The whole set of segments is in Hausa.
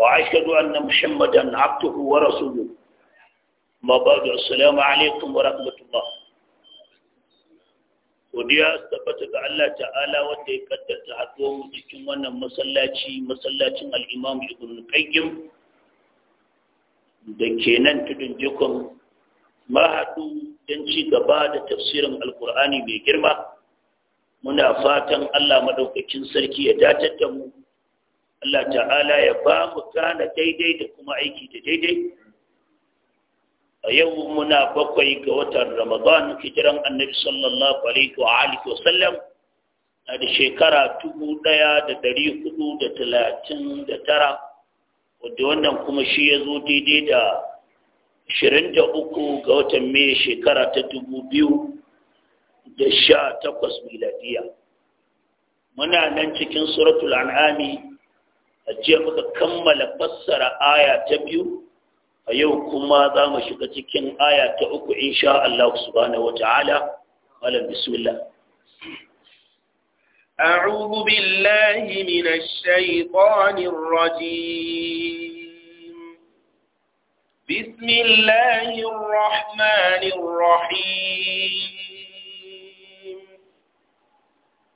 وأشهد أن محمدا عبده ورسوله ما بعد السلام عليكم ورحمة الله godiya tabbata ga Allah ta'ala wanda ya kaddata haɗuwar cikin wannan masallaci masallacin al'imam ibn qayyim da ke nan tudun jikon mahaɗu don ci gaba da tafsirin alkur'ani mai girma muna fatan Allah maɗaukacin sarki ya datar da mu Allah ta'ala ya ba mu kana daidai da kuma aiki da daidai a yau muna bakwai ga watan ramadan hijiran annabi sallallahu alaihi wa alihi wa sallam na da shekara dubu ɗaya da hudu da talatin da tara wadda wannan kuma shi ya zo daidai da ashirin da uku ga watan mai shekara ta dubu biyu da sha takwas miladiya muna nan cikin suratul an'ami a muka kammala fassara aya ta biyu a yau kuma za mu shiga cikin aya ta uku insha Allah subhanahu wata'ala malam bismillah أعوذ بالله من الشيطان الرجيم بسم الله الرحمن الرحيم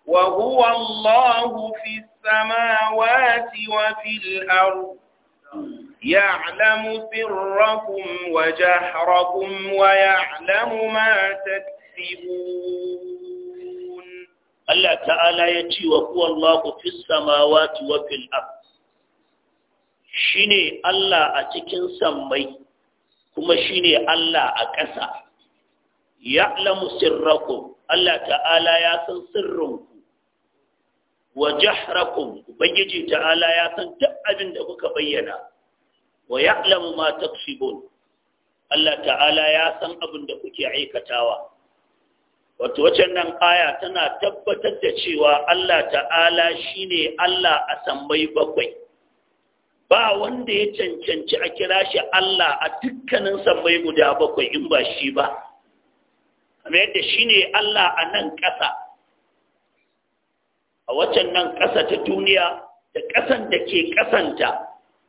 وهو الله في السماء السماوات وفي الأرض يعلم سركم وجهركم ويعلم ما تكسبون الله تعالى يتي وهو الله في السماوات وفي الأرض shine Allah a cikin sammai kuma shine Allah a ƙasa ya'lamu sirrakum Allah ta'ala ya san sirrinku wa jahrakum ubangiji ta'ala ya san duk abin da kuka bayyana wa ya'lamu ma taksibun Allah ta'ala ya san abin da kuke aikatawa wato wacan nan aya tana tabbatar da cewa Allah ta'ala shine Allah a sammai bakwai ba wanda ya cancanci a kira shi Allah a dukkanin sammai guda bakwai in ba shi ba kamar yadda shine Allah a nan ƙasa a waccan nan ƙasa ta duniya da ƙasan da ke ƙasanta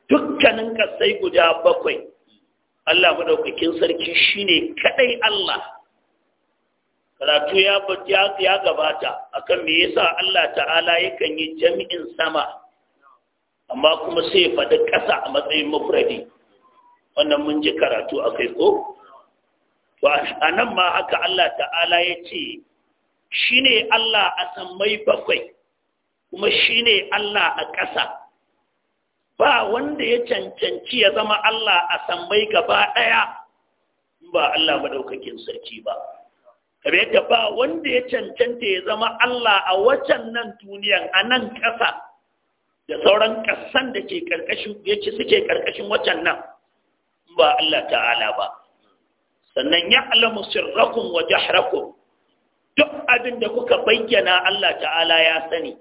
dukkanin ƙasai guda bakwai Allah maɗaukakin sarki shine kaɗai Allah karatu ya gabata akan me yasa Allah ta'ala yakan yi jami'in sama amma kuma sai ya faɗi ƙasa a matsayin mafuradi wannan mun ji karatu a kai ko to a nan ma haka Allah ta'ala ya ce shi ne Allah a sammai bakwai kuma shi ne Allah a ƙasa ba wanda ya cancanci ya zama Allah a sambai gaba ɗaya ba Allah maɗaukakin sarki ba Kabe yadda ba wanda ya cancanta ya zama Allah a wacan nan duniyan a nan ƙasa da sauran ƙasan da ke ƙarƙashin ya ci suke ƙarƙashin wacan nan ba Allah ta'ala ba sannan ya alamu sirrakun wa jahrakum duk abin da kuka bayyana Allah ta'ala ya sani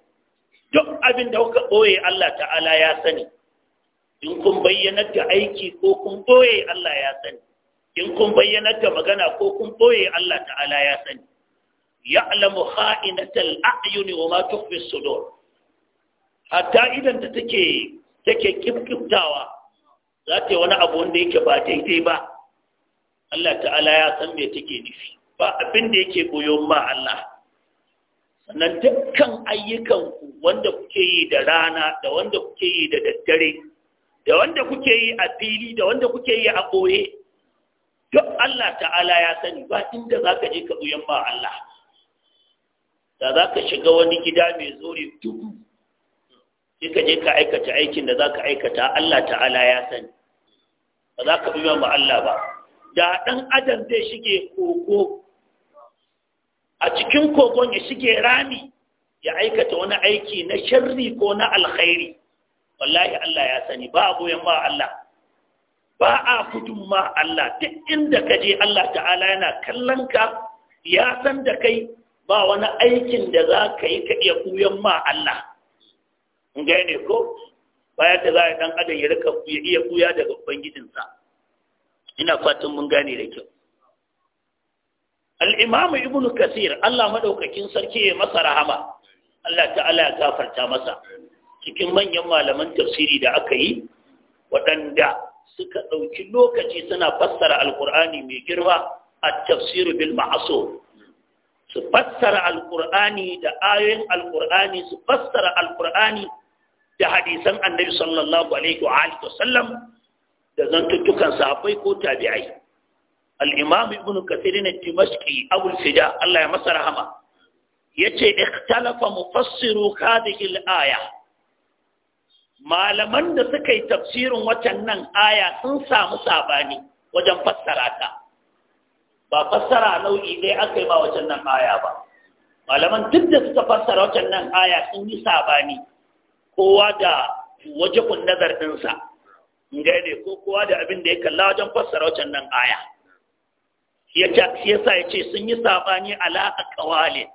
duk abin da kuka ɓoye Allah ta'ala ya sani in kun bayyana da aiki ko kun ɓoye Allah ya sani in kun bayyanar ta magana ko kun ɓoye Allah ta'ala ya sani ya'lamu kha'inatal a'yuni wa ma tukhfi sudur hatta idan ta take take kifkiftawa za ta yi wani abu wanda yake ba daidai ba Allah ta'ala ya san me take nufi ba abin da yake koyon ma Allah sannan dukkan ayyukanku wanda kuke yi da rana da wanda kuke yi da daddare da wanda kuke yi a fili da wanda kuke yi a ɓoye duk Allah ta'ala ya sani ba inda za ka je ka buyan ba Allah da za ka shiga wani gida mai zori dubu sai ka je ka aikata aikin da za ka aikata Allah ta'ala ya sani ba za ka buyan ba Allah ba da ɗan adam zai shige koko a cikin kogon ya shige rami ya aikata wani aiki na sharri ko na alkhairi wallahi Allah ya sani ba goyon ma Allah ba a gudun ma Allah duk inda ka je Allah ta'ala yana kallon ka ya san da kai ba wani aikin da za ka yi ka iya kuyan ma Allah in ne ko bayan da za a dan adam ya rika iya kuya daga ubangijinsa ina fatan mun gane da kyau al'imamu ibn kasir Allah maɗaukakin sarki ya masa rahama Allah ta'ala ya gafarta masa cikin manyan malaman tafsiri da aka yi waɗanda suka ɗauki lokaci suna fassara alƙur'ani mai girma a tafsiru bil ma'aso su fassara alƙur'ani da ayoyin alƙur'ani su fassara alƙur'ani da hadisan annabi sallallahu alaihi wa Sallam, da zantuttukan sahabbai ko tabi'ai al-imam ibn kathir ne dimashqi abul fida Allah ya masa rahama yace ikhtalafa mufassiru hadhihi al-aya malaman da suka yi tafsirin watan nan aya sun samu sabani wajen fassara ta ba fassara nau'i dai aka yi ba wajen nan aya ba malaman duk da suka fassara wajen nan aya sun yi sabani kowa da waje kun nazar ɗinsa gane ko kowa da abin da ya kalla wajen fassara wajen nan aya ya yasa ya ce sun yi sabani ala a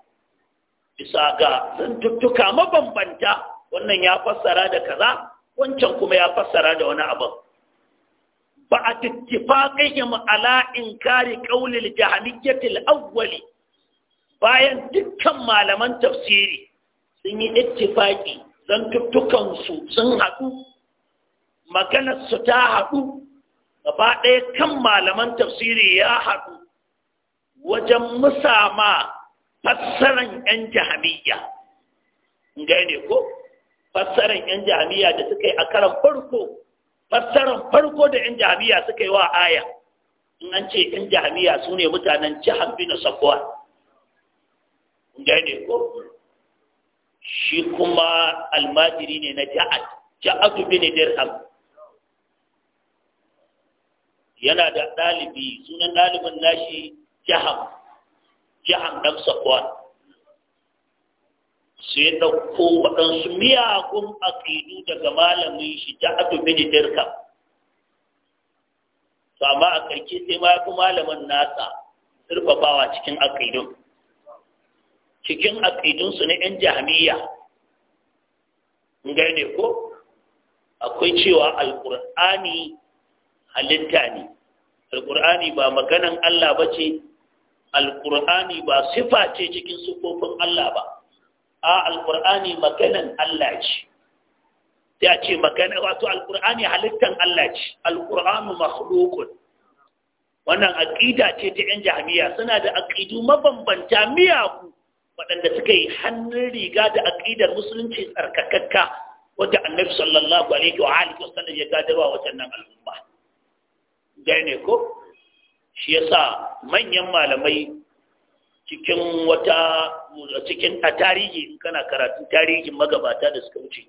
bisa ga zantuttuka mabambanta wannan ya fassara da kaza wancan kuma ya fassara da wani abu ba a tattifaƙayyam ala in kare ƙaunin jahamiyyatil awwali bayan dukkan malaman tafsiri sun yi ittifaƙi zantuttukansu sun haɗu maganarsu ta haɗu gaba ɗaya kan malaman tafsiri ya haɗu wajen musama fassaran 'yan jahamiya gane ko fassaran 'yan jahamiya da suka yi a karan farko fassaran farko da 'yan jahamiya suka yi wa aya in an ce 'yan jahamiya su ne mutanen jihar bin safuwa gane ko shi kuma almajiri ne na ja'ad ja'adu bin dirham yana da ɗalibi sunan ɗalibin nashi jaham jaham dan sakwan sai ɗauko waɗansu miyagun aƙidu daga malamin shi ta bin dirkam to amma a ƙarshe sai ma ya malamin nasa turfafawa cikin aƙidun cikin aƙidunsu na 'yan jami'a ne ko akwai cewa alƙur'ani halitta ne alƙur'ani ba maganan Allah ba ce alƙur'ani ba sifa ce cikin sufofin Allah ba a alƙur'ani maganan Allah ce a ce magana wato alƙur'ani halittan Allah ce alƙur'anu makhluqun wannan aƙida ce ta 'yan jami'a suna da aƙidu mabambanta miyagu waɗanda suka yi hannun riga da aƙidar musulunci tsarkakakka wadda annabi sallallahu alaihi wa alihi wasallam ya gadarwa wajen wannan al'umma gane ko shi yasa manyan malamai cikin wata cikin a tarihi kana karatu tarihin magabata da suka wuce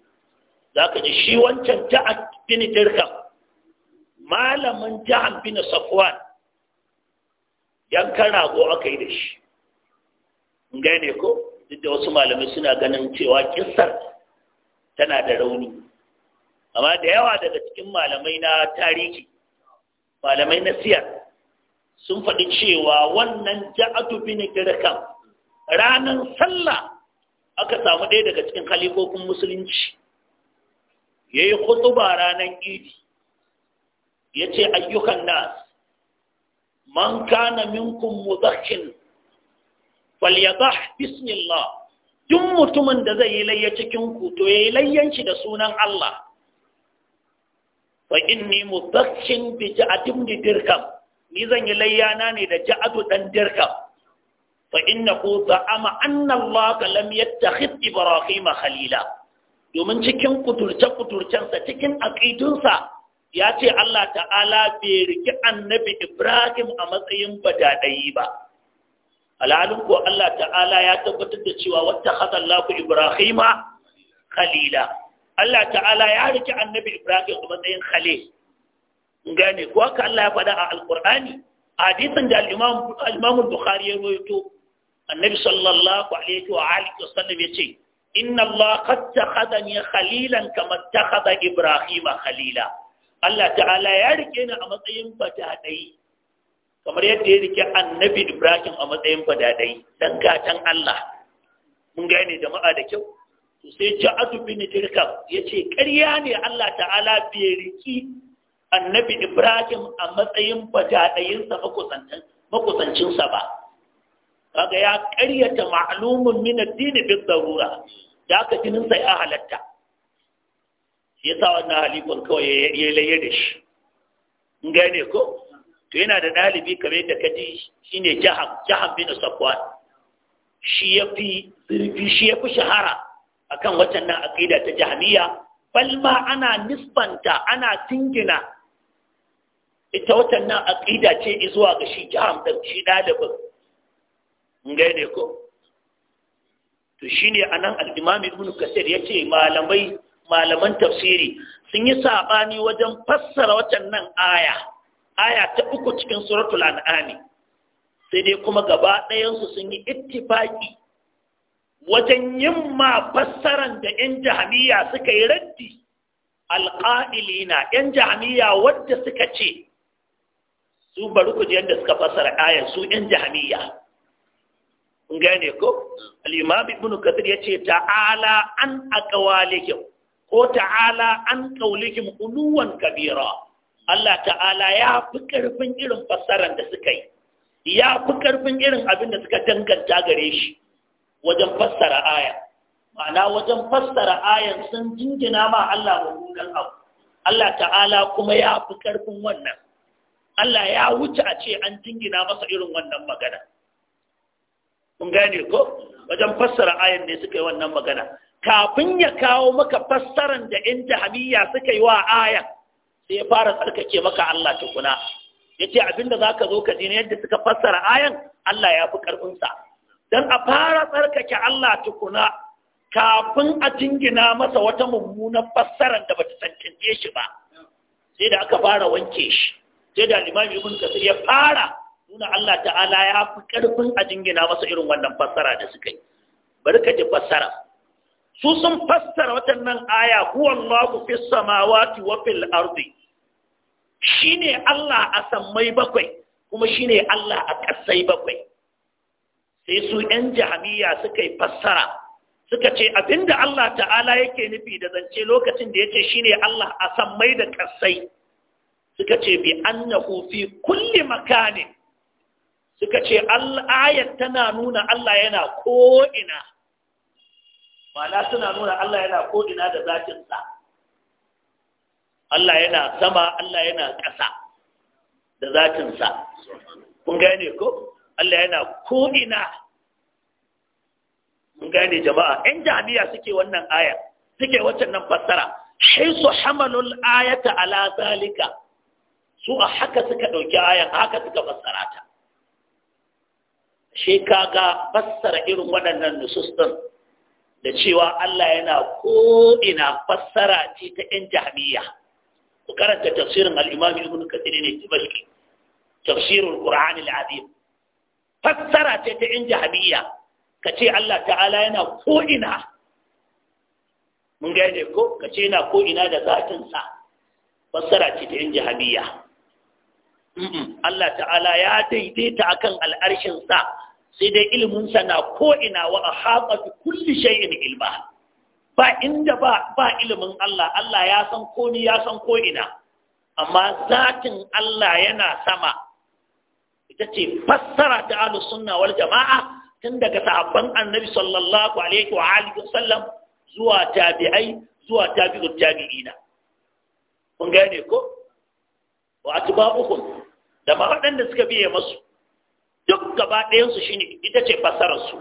za ka ji shi wancan ja'ad bin dirham malamin ja'ad bin safwan yankan rago aka yi da shi gane ko duk da wasu malamai suna ganin cewa kissar tana da rauni amma da yawa daga cikin malamai na tarihi malamai na siyar sun faɗi cewa wannan ja'atu ne dirham ranan sallah aka samu ɗaya daga cikin halifofin musulunci yayi khutuba ranan idi yace ayyukan nas man kana minkum mudhakkin falyadah bismillah duk mutumin da zai yi layya cikin ku to yayi layyanci da sunan Allah fa inni mudhakkin bi ja'atin dirham ni zan yi layyana ne da ja'atu dan dirka fa innahu za'ama anna Allah lam yattakhid Ibrahim khalila domin cikin kuturce kuturcensa cikin aqidunsa ya ce Allah ta'ala bai riki annabi Ibrahim a matsayin badadayi ba alhalin ko Allah ta'ala ya tabbatar da cewa wata Allah Ibrahima khalila Allah ta'ala ya riki annabi Ibrahim a matsayin khalil gane ko haka Allah ya faɗa a alqur'ani hadisin da al-imam al bukhari ya rawaito annabi sallallahu alaihi wa alihi wa sallam yace inna Allah qad takhadani khalilan kama takhada ibrahima khalila Allah ta'ala ya rike ni a matsayin fadadai kamar yadda ya rike annabi ibrahim a matsayin fadadai dan gatan Allah mun gane jama'a da kyau to sai ja'atu bin dirkam yace ƙarya ne Allah ta'ala bai riki annabi ibrahim a matsayin bajadayinsa makusancinsa ba kaga ya karyata ma'lumun min addini bin darura da aka jininsa ya halatta shi yasa wannan halifan kawai ya laye da shi in gane ko to yana da ɗalibi kamar da ka shine jaham jaham bin safwan shi ya fi zurfi shi ya fi shahara akan waccan nan aqida ta jahmiya Falma ana nisbanta ana tingina ita watan nan aƙida ce zuwa ga shi jam din shi dalibin gane ko to ne anan nan al'imami ibn kasir ce malamai malaman tafsiri sun yi saɓani wajen fassara watan nan aya aya ta uku cikin suratul an'ami sai dai kuma gaba ɗayansu sun yi ittifaki wajen yin ma fassaran da 'yan jahamiya suka yi raddi alƙa'ilina 'yan jahamiya wadda suka ce su bari ku ji yadda suka fasara ayar su yan jahamiya kun gane ko al-imam ibn kathir yace ta'ala an aqwalikum ko ta'ala an qawlikum uluwan kabira Allah ta'ala ya fi karfin irin fasaran da suka yi ya fi karfin irin abin da suka danganta gare shi wajen fassara aya ma'ana wajen fassara ayan sun jingina ma Allah mummunan abu Allah ta'ala kuma ya fi karfin wannan Allah ya wuce a ce an jingina masa irin wannan magana kun gane ko wajen fassara ayan ne suka yi wannan magana kafin ya kawo maka fassaran da in jahamiyya suka yi wa ayan sai ya fara tsarkake maka Allah tukuna ya ce abinda za ka zo ka jini yadda suka fassara ayan Allah ya fi ƙarfinsa don a fara tsarkake Allah tukuna kafin a jingina masa wata mummunan fassaran da bata tantance shi ba sai da aka fara wanke shi sai da Imam Ibn Kathir ya fara nuna Allah ta'ala ya fi karfin a jingina masa irin wannan fassara da suka yi bari ka ji fassara su sun fassara watannan aya Allahu fis samawati wa fil ardi shine Allah a samai bakwai kuma shine Allah a kasai bakwai sai su ‘yan jahamiya suka yi fassara suka ce abinda Allah ta'ala yake nufi da zance lokacin da ya shine Allah a samai da ƙasai suka ce bi annahu fi kulli makanin suka ce ayat tana nuna Allah yana ko'ina ma'ana tana nuna Allah yana ko'ina da zatinsa Allah yana sama Allah yana ƙasa da zatinsa kun gane ko Allah yana ko'ina kun gane jama'a in jami'a suke wannan aya, suke waccan nan fassara haisu hamalul ayata ala zalika su a haka suka ɗauki ayan a haka suka fassara ta shi kaga fassara irin waɗannan nusus da cewa Allah yana ko'ina fassara ce ta ‘yan jami'a ku karanta tafsirin al'imami ibn katsiri ne ta tibashki tafsirin ƙur'an al'adim fassara ce ta ‘yan jami'a ka ce Allah ta'ala yana ko'ina mun gaide ko ka ce yana ko'ina da zatinsa fassara ce ta ‘yan jami'a Allah ta'ala ya daidaita akan al'arshin sa sai dai ilimin sa na ko ina wa ahata kulli shay'in ilma ba inda ba ba ilimin Allah Allah ya san ko ni ya san ko ina amma zatin Allah yana sama ita ce fassara ta ahlus sunna wal jama'a tun daga sahabban annabi sallallahu alaihi wa alihi wasallam zuwa tabi'ai zuwa tabi'ut tabi'ina kun gane ko wa atbabuhum da waɗanda suka biye masu duk gaba ɗayansu shine ita ce fasararsu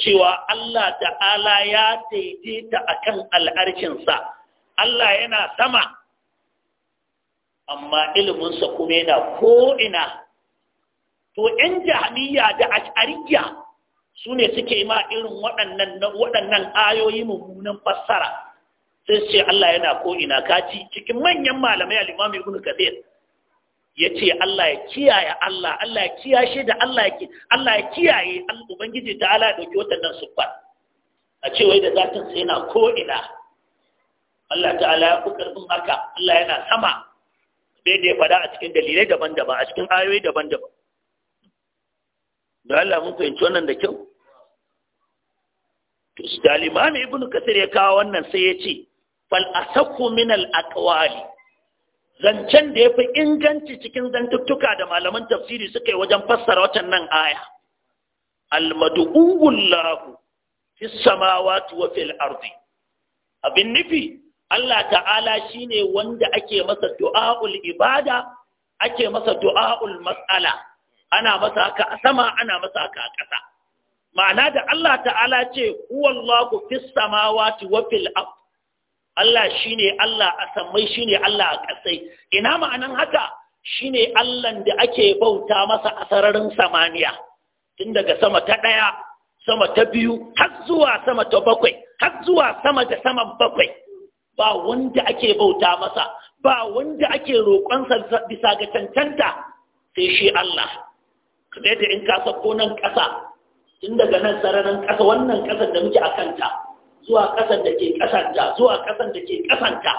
cewa Allah ta'ala ya daidaita kan al'arkinsa Allah yana sama amma iliminsa kuma yana ko'ina to ‘yan jami'a da ashariya su ne suke ma irin waɗannan ayoyi mummunan fassara sai ce Allah yana ko'ina kaci cikin manyan malamai al'imam ibn kathir ya ce Allah ya kiyaye Allah Allah ya kiyashe da Allah ya Allah ya kiyaye ubangiji da Allah ya dauki waɗannan suffa a ce wai da zatin sa yana ko ina Allah ta'ala ya ku karfin haka Allah yana sama bai da ya fada a cikin dalilai daban-daban a cikin ayoyi daban-daban da Allah mun fahimci wannan da kyau to su da limami Ibn kasir ya kawo wannan sai ya ce fal asakku min al aqwali zancen da ya fi inganci cikin zantuttuka da malaman tafsiri suka yi wajen fassara watan nan aya lahu fi samawa wa fil arzi. abin nufi Allah ta'ala shi ne wanda ake masa du'a'ul ibada ake masa du'a'ul mas'ala ana masa haka a sama ana masa haka a ƙasa ma'ana da Allah ta'ala ce huwallahu fi samawa wa fil ardi Allah shine Allah a sammai shine Allah a ƙasai ina ma'anan haka shine Allah da ake bauta masa a sararin samaniya tun daga sama ta ɗaya sama ta biyu har zuwa sama ta bakwai har zuwa sama da saman bakwai ba wanda ake bauta masa ba wanda ake roƙonsa bisa ga cancanta sai shi Allah kamar da in ka ko nan ƙasa tun daga nan sararin ƙasa wannan ƙasar da muke a kanta zuwa ƙasar da ke ƙasanta zuwa ƙasar da ke ƙasanta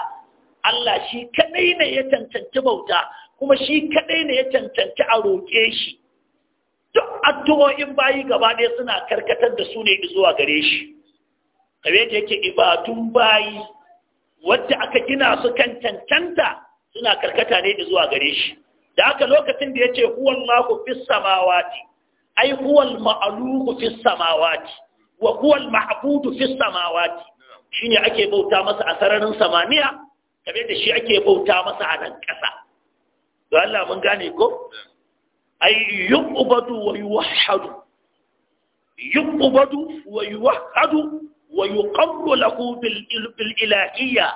Allah shi kaɗai ne ya cancanci bauta kuma shi kaɗai ne ya cancanci a roƙe shi duk addu'o'in bayi gaba ɗaya suna karkatar da su ne zuwa gare shi kare da yake ibatun bayi wadda aka gina su kan cancanta suna karkata ne zuwa gare shi da haka lokacin da ya ce huwallahu fis samawati ai huwal ma'aluhu fis samawati wa Mahbudu al-ma'budu fi samawati shine ake bauta masa a sararin samaniya kamar da shi ake bauta masa a nan ƙasa to Allah mun gane ko ay yuqbadu wa yuwahhadu yuqbadu wa yuwahhadu wa yuqarru lahu bil ilahiyya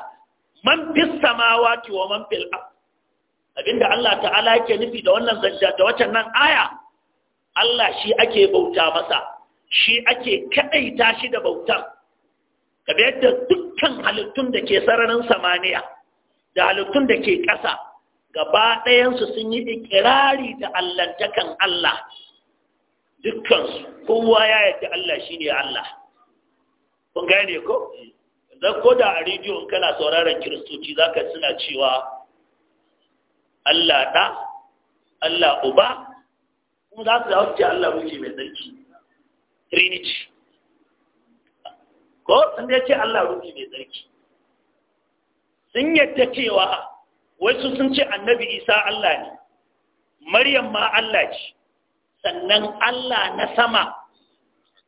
man fis samawati wa man fil ard abinda Allah ta'ala yake nufi da wannan zanja da waccan nan aya Allah shi ake bauta masa shi ake kaɗaita shi da bautar kabe yadda dukkan halittun da ke sararin samaniya da halittun da ke ƙasa gaba ɗayansu sun yi ikirari da allantakan Allah dukkansu kowa ya yadda Allah shi ne Allah kun gane ko zan ko da a rediyon kana sauraron kiristoci za ka suna cewa Allah ɗa Allah uba kuma za su da Allah muke mai tsarki trinity ko sun ya ce Allah rufi mai tsarki sun yadda cewa wasu sun ce annabi isa Allah ne maryam ma Allah ce sannan Allah na sama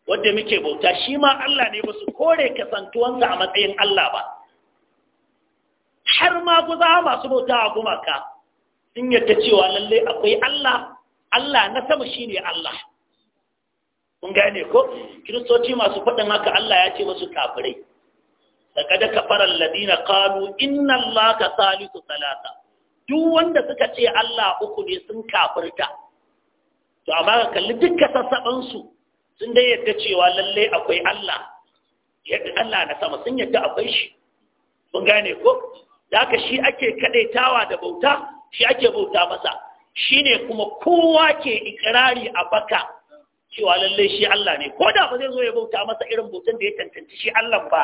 wadda muke bauta shi ma Allah ne ba su kore kasantuwansa a matsayin Allah ba har ma guza masu bauta a gumaka sun yadda cewa lallai akwai Allah Allah na sama shi ne Allah kun gane ko kiristoci masu faɗin haka Allah ya ce wasu kafirai laqad kafara ladina kalu inna laka salisu salasa duk wanda suka ce Allah uku ne sun kafirta to amma ka kalli duka sassaɓansu sun dai yadda cewa lalle akwai Allah yadda Allah na sama sun yadda akwai shi kun gane ko da ka shi ake kadaitawa da bauta shi ake bauta masa shine kuma kowa ke ikirari a baka cewa lallai shi Allah ne ko da ba zai zo ya bauta masa irin bautan da ya tantance shi Allah ba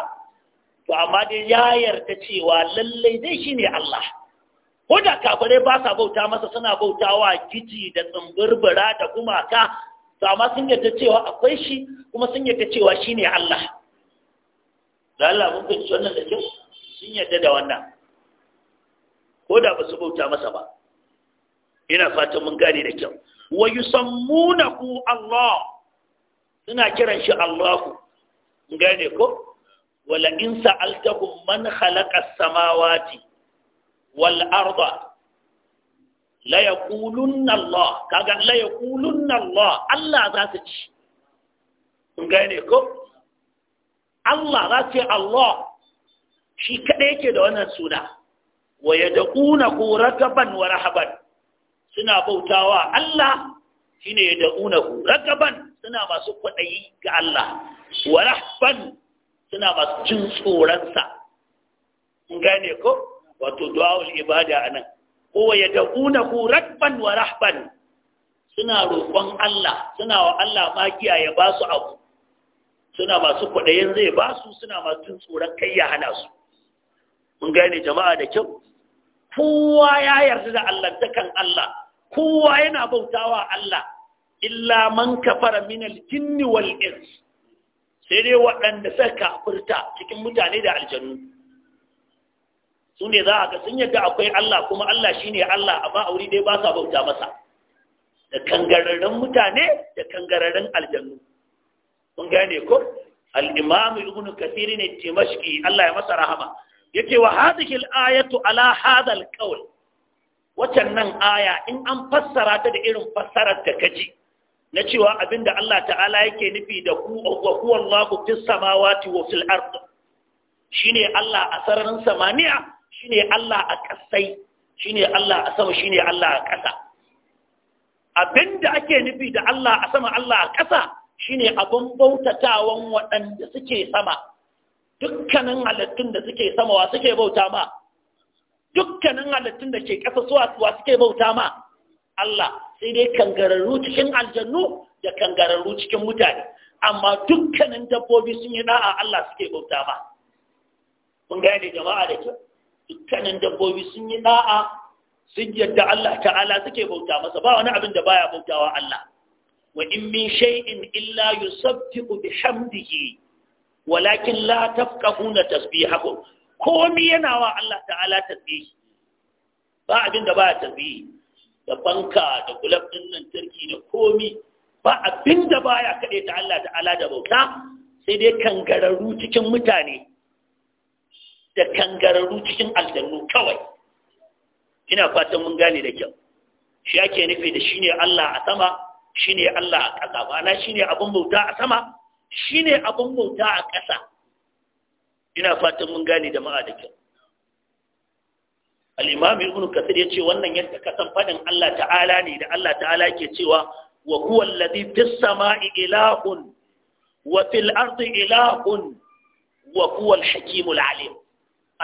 to amma dai ya yarda cewa lallai dai shi ne Allah ko da kafirai ba sa bauta masa suna bautawa gici da tsumburbura da gumaka to amma sun yarda cewa akwai shi kuma sun yarda cewa shi ne Allah da Allah mun fahimci wannan da kyau sun yarda da wannan ko da ba su bauta masa ba ina fatan mun gane da kyau wa yusammunahu Allah suna kiran shi Allahu gane ko wala in sa'altahum man khalaqa as-samawati wal arda la yaqulunna Allah kaga la yaqulunna Allah Allah za su ci gane ko Allah za su ce Allah shi kada yake da wannan suna wa yad'una rakaban wa rahaban suna bautawa Allah shine yad'unahu ragaban suna masu kwaɗayi ga Allah wa rahban suna masu jin tsoronsa mun gane ko wato du'aul ibada anan ko yad'unahu ragban wa rahban suna roƙon Allah suna wa Allah magiya ya ba su abu suna masu kwaɗayin zai ba su suna masu tsoron kai ya hana su mun gane jama'a da kyau kowa ya yarda da Allah dukan Allah kowa yana bautawa Allah illa man kafara min al-jinni wal ins sai dai waɗanda suka kafirta cikin mutane da aljanu su ne za a ga sun yadda akwai Allah kuma Allah shine Allah amma aure dai ba sa bauta masa da kangararren mutane da kangararren aljanu kun gane ko al-imam ibn kathir ne timashki Allah ya masa rahama yace wa hadhihi al-ayatu ala hadha al-qawl waccan nan aya in an fassara ta da irin fassarar da kaji na cewa abinda Allah ta'ala yake nufi da ku wa huwa Allahu fis samawati wa fil ard shine Allah a sararin samaniya shine Allah a kasai shine Allah a sama shine Allah a kasa abinda ake nufi da Allah a sama Allah a kasa shine abun bautatawan waɗanda suke sama dukkanin halittun da suke sama, wa suke bauta ma dukkanin halittun da ke ƙasa suwa suwa suke bauta ma Allah sai dai kangararru cikin aljannu da kangararru cikin mutane amma dukkanin dabbobi sun yi da'a Allah suke bauta ma mun gane jama'a da kyau dukkanin dabbobi sun yi da'a sun yadda Allah ta'ala suke bauta masa ba wani abin da baya bautawa Allah wa in min shay'in illa yusabbihu bihamdihi walakin la tafqahuna tasbihahu komi yana wa Allah ta'ala tafi ba abin da ba tasbihi da banka da gulab din nan turki da komi ba abin da baya kade ta Allah ta'ala da bauta sai dai kangararru cikin mutane da kangararru cikin aljannu kawai ina fatan mun gane da kyau shi ake nufi da shine Allah a sama shine Allah a ƙasa ba na shine abun bauta a sama shine abun bauta a ƙasa ina fatan mun gane jama'a da kyau al-imam ibn ya ce wannan yadda ka san fadin Allah ta'ala ne da Allah ta'ala ke cewa wa huwa alladhi fis sama'i ilahun wa fil ardi ilahun wa huwa al-hakimul alim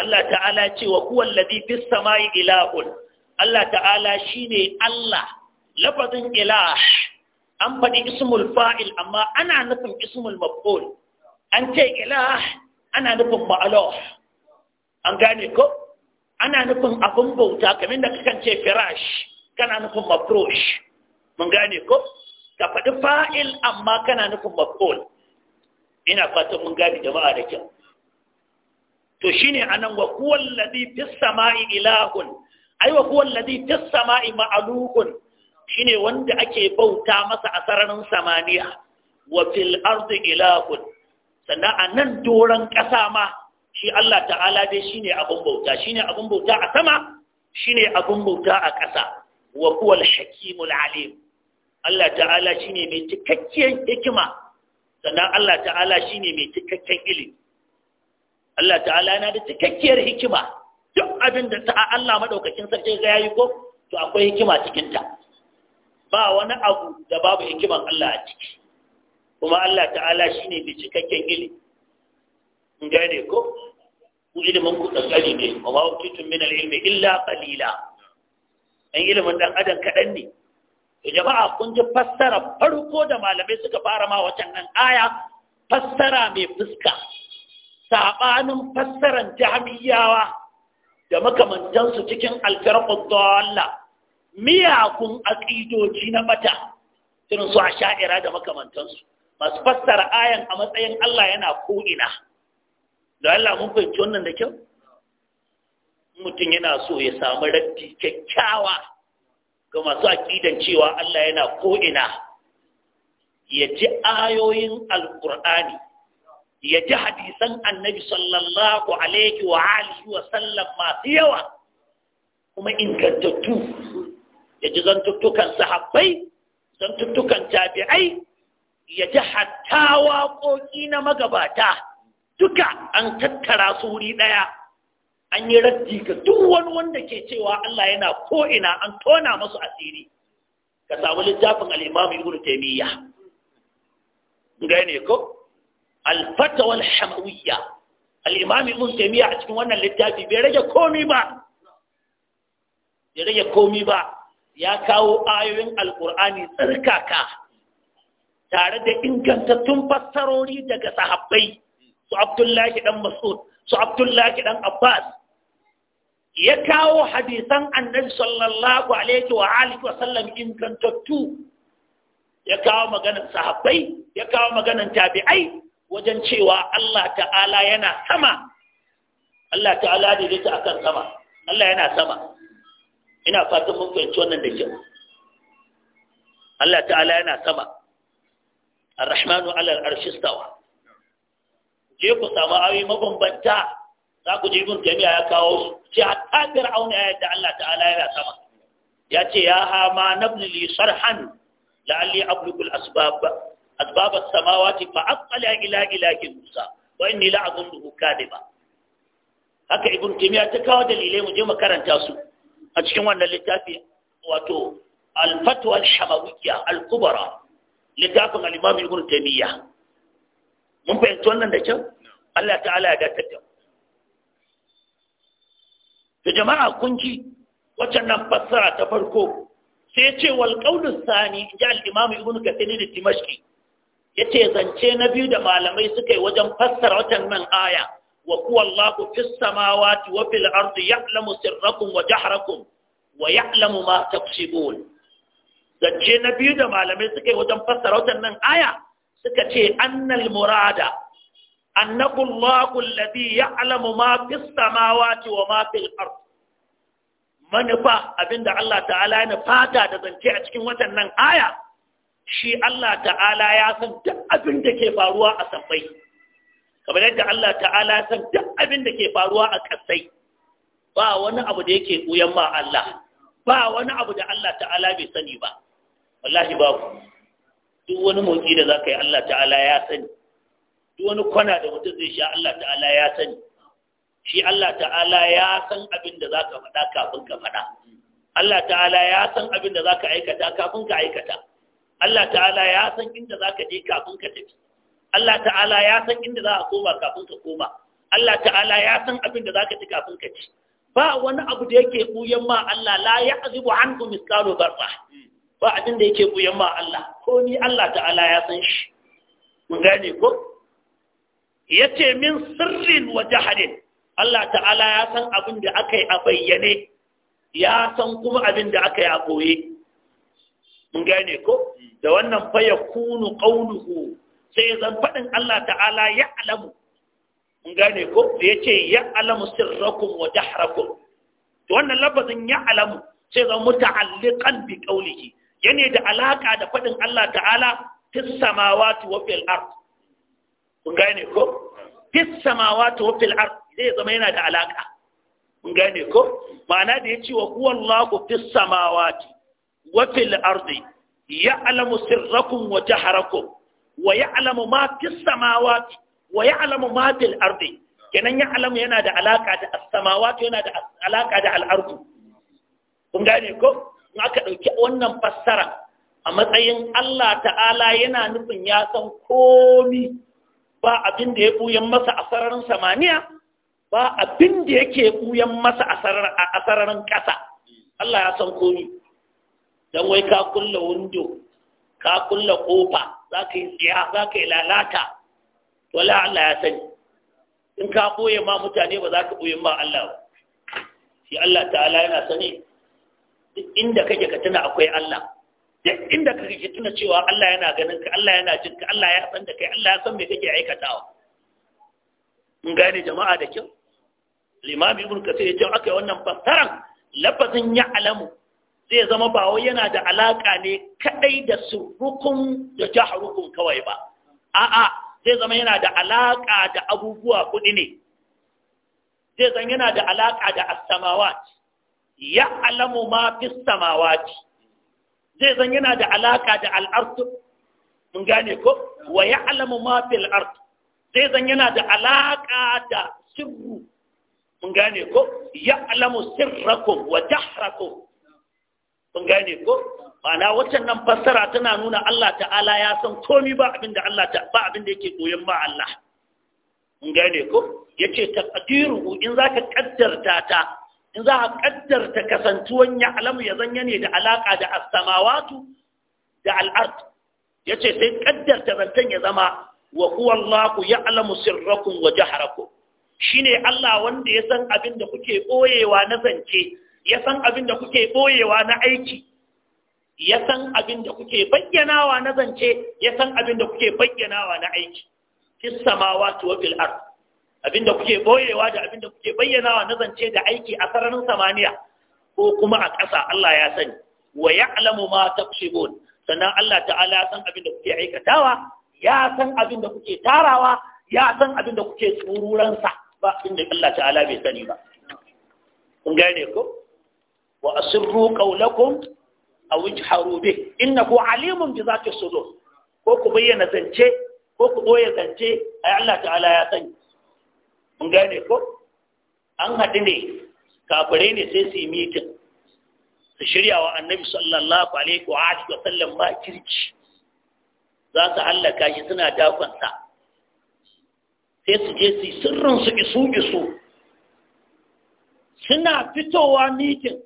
Allah ta'ala ce wa huwa alladhi fis sama'i ilahun Allah ta'ala shine Allah lafazin ilah an faɗi ismul fa'il amma ana nufin ismul maf'ul an ce ilah ana nufin ma'alof an gane ko ana nufin abin bauta kamar da kakan ce firash kana nufin mafrosh mun gane ko ka faɗi fa'il amma kana nufin maf'ul ina fatan mun gane jama'a da kyau to shine anan wa kuwal ladhi fis sama'i ilahun ai wa kuwal ladhi fis sama'i ma'lukun shine wanda ake bauta masa a sararin samaniya wa fil ardi ilahun sannan a nan doron ƙasa ma shi Allah ta'ala dai shi ne abin bauta shi ne abin bauta a sama shi ne abin bauta a ƙasa wa kuwal hakimul alim Allah ta'ala shi ne mai cikakken hikima sannan Allah ta'ala shi ne mai cikakken ilimi Allah ta'ala yana da cikakkiyar hikima duk abin da ta Allah maɗaukakin sarki ga yayi ko to akwai hikima cikinta ba wani abu da babu hikiman Allah a ciki kuma Allah ta'ala shi ne mai cikakken ilimi gane ko ku ilimin ku tsakani ne wa ma min al illa qalila an ilimin dan adam ne jama'a kun ji fassara farko da malamai suka fara ma wacan nan aya fassara mai fuska sabanin fassaran jahmiyawa da makamantansu cikin alfarqud dalla miyakun aqidoji na bata irin su asha'ira da makamantansu masu fassara ayan a matsayin Allah yana ko'ina da Allah mun fahimci wannan da kyau mutum yana so ya samu raddi kyakkyawa ga masu aƙidan cewa Allah yana ko'ina ya ji ayoyin alƙur'ani ya ji hadisan annabi sallallahu alaihi wa alihi wa sallam masu yawa kuma ingantattu ya ji zantuttukan sahabbai zantuttukan jabi'ai. ya ji hattawa waƙoƙi na magabata duka an tattara su wuri ɗaya an yi raddi ga duk wani wanda ke cewa Allah yana ko'ina an tona masu asiri ka samu littafin al'imami ibn taimiyya gane ko alfatawal hamawiyya al'imami ibn taimiyya a cikin wannan littafi bai rage komi ba bai rage komi ba ya kawo ayoyin alƙur'ani tsarkaka tare da ingantattun fassarori daga sahabbai su abdullahi dan mas'ud su abdullahi dan abbas ya kawo hadisan annabi sallallahu alaihi wa alihi wa sallam ingantattu ya kawo maganar sahabbai ya kawo maganar tabi'ai wajen cewa Allah ta'ala yana sama Allah ta'ala da yake akan sama Allah yana sama ina fatan mun fahimci wannan da kyau Allah ta'ala yana sama الرحمن على العرش استوى جيكو سما اوي مبن بنتا زاكو جيبون تيمي يا كاو سي حتى فرعون آية تعالى تعالى الى سما يا تي يا ها ما نبني لي صرحا لعلي ابلغ الاسباب اسباب السماوات فاقل الى اله موسى واني لا اظنه كاذبا هكا ابن تيميه تكاو دليلين مجي مكرنتا سو ا اللي تاتي littafi الفتوى الحمويه الكبرى littafin al-imam ibn taymiya mun fahimci wannan da kyau Allah ta'ala ya dace da to jama'a kun ji waccan nan fassara ta farko sai ce wal qawlu sani ja al-imam ibn kathir al-dimashqi yace zance na biyu da malamai suka yi wajen fassara watan nan aya wa huwa Allahu fis samawati wa fil ardi ya'lamu sirrakum wa jahrakum wa ya'lamu ma taksibun zance na biyu da malamai suka yi wajen fassara nan aya suka ce annal murada annabu Allahu alladhi ya'lamu ma fis samawati wa ma fil ard manufa abinda Allah ta'ala ya fata da zance a cikin nan aya shi Allah ta'ala ya san duk abin da ke faruwa a sammai kamar yadda Allah ta'ala ya san duk abin da ke faruwa a kasai ba wani abu da yake ɓuyan ma Allah ba wani abu da Allah ta'ala bai sani ba wallahi babu duk wani motsi da zaka yi Allah ta'ala ya sani duk wani kwana da mutum zai sha Allah ta'ala ya sani shi Allah ta'ala ya san abin da zaka faɗa kafin ka faɗa Allah ta'ala ya san abin da zaka aikata kafin ka aikata Allah ta'ala ya san inda zaka je kafin ka tafi Allah ta'ala ya san inda za a koma kafin ka koma Allah ta'ala ya san abin da zaka ci kafin ka ci ba wani abu da yake buyan ma Allah la ya'zibu anhu misqalu barra ba abin da yake buyan ba Allah ko ni Allah ta'ala ya san shi mun gane ko yace min sirrin wa jahalin Allah ta'ala ya san abin da aka yi a bayyane ya san kuma abin da aka yi a boye mun gane ko da wannan fa yakunu qawluhu sai zan fadin Allah ta'ala ya alamu mun gane ko yace ya alamu sirrakum wa jahrakum to wannan lafazin ya alamu sai zan muta'alliqan bi qawlihi yana da alaka da faɗin Allah ta'ala fis samawati wa fil ard kun gane ko fis samawati wa fil ard zai zama yana da alaka kun gane ko ma'ana da ce wa huwallahu fis samawati wa fil ya alamu sirrakum wa jaharakum wa ya alamu ma fis samawati wa ya alamu ma fil ardi kenan alamu yana da alaka da as-samawati yana da alaka da al-ardu kun gane ko aka ɗauki wannan fassara a matsayin Allah ta'ala yana nufin ya san komi ba abin da ya ɓuyan masa a sararin samaniya ba abin da yake ɓuyan masa a sararin ƙasa Allah ya san komi don wai ka kulla wundo, ka kulla ƙofa za ka yi tsiya za ka yi lalata wala Allah ya sani in ka ɓoye ma mutane ba za ka ɓoye ma Allah ba shi Allah ta'ala yana sani duk inda kake ka tuna akwai Allah duk inda kake ka tuna cewa Allah yana ganin ka Allah yana jin ka Allah ya san da kai Allah ya san me kake aikatawa in gane jama'a da kyau limami ibn kasir ya ce akai wannan fassaran lafazin ya alamu zai zama ba wai yana da alaka ne kadai da surukun da jahrukum kawai ba a'a zai zama yana da alaka da abubuwa kudi ne zai zama yana da alaka da as-samawat ya alamu ma fi samawati zai zan yana da alaka da al'artu mun gane ko wa ya alamu ma fi al'artu zai zan yana da alaka da sirru mun gane ko ya alamu sirrakum wa jahrakum mun gane ko ma'ana waccan nan fassara tana nuna Allah ta'ala ya san komi ba abin da Allah ta ba abin da yake koyon ba Allah mun gane ko yace taqdiruhu in zaka kaddarta ta in za a ƙaddarta kasantuwan ya alamu ya zanya ne da alaka da asamawatu da al Ya ce sai ƙaddarta zantan ya zama wa huwa ya ya'lamu sirrakun wa Shi ne Allah wanda ya san abin da kuke ɓoyewa na zance ya san abin da kuke ɓoyewa na aiki ya san abin da kuke bayyanawa na zance ya san abin da kuke bayyanawa na aiki fis samawati wa fil ard abinda kuke boyewa da abinda kuke bayyanawa na zance da aiki a sararin samaniya ko kuma a ƙasa Allah ya sani wa ya'lamu ma tafshibun sannan Allah ta'ala ya san abinda kuke aikatawa ya san abinda kuke tarawa ya san abinda kuke sa ba inda Allah ta'ala bai sani ba kun gane ko wa asirru qawlakum aw ijharu bih innahu alimun bi zati sudur ko ku bayyana zance ko ku boye zance ai Allah ta'ala ya sani mun gane ko an haɗu ne kafare ne sai su yi mitin su shirya wa annabi sallallahu alaihi wa alihi wa sallam ma kirki za su hallaka shi suna dakonsa sai su je su yi sirrin su isu isu suna fitowa mitin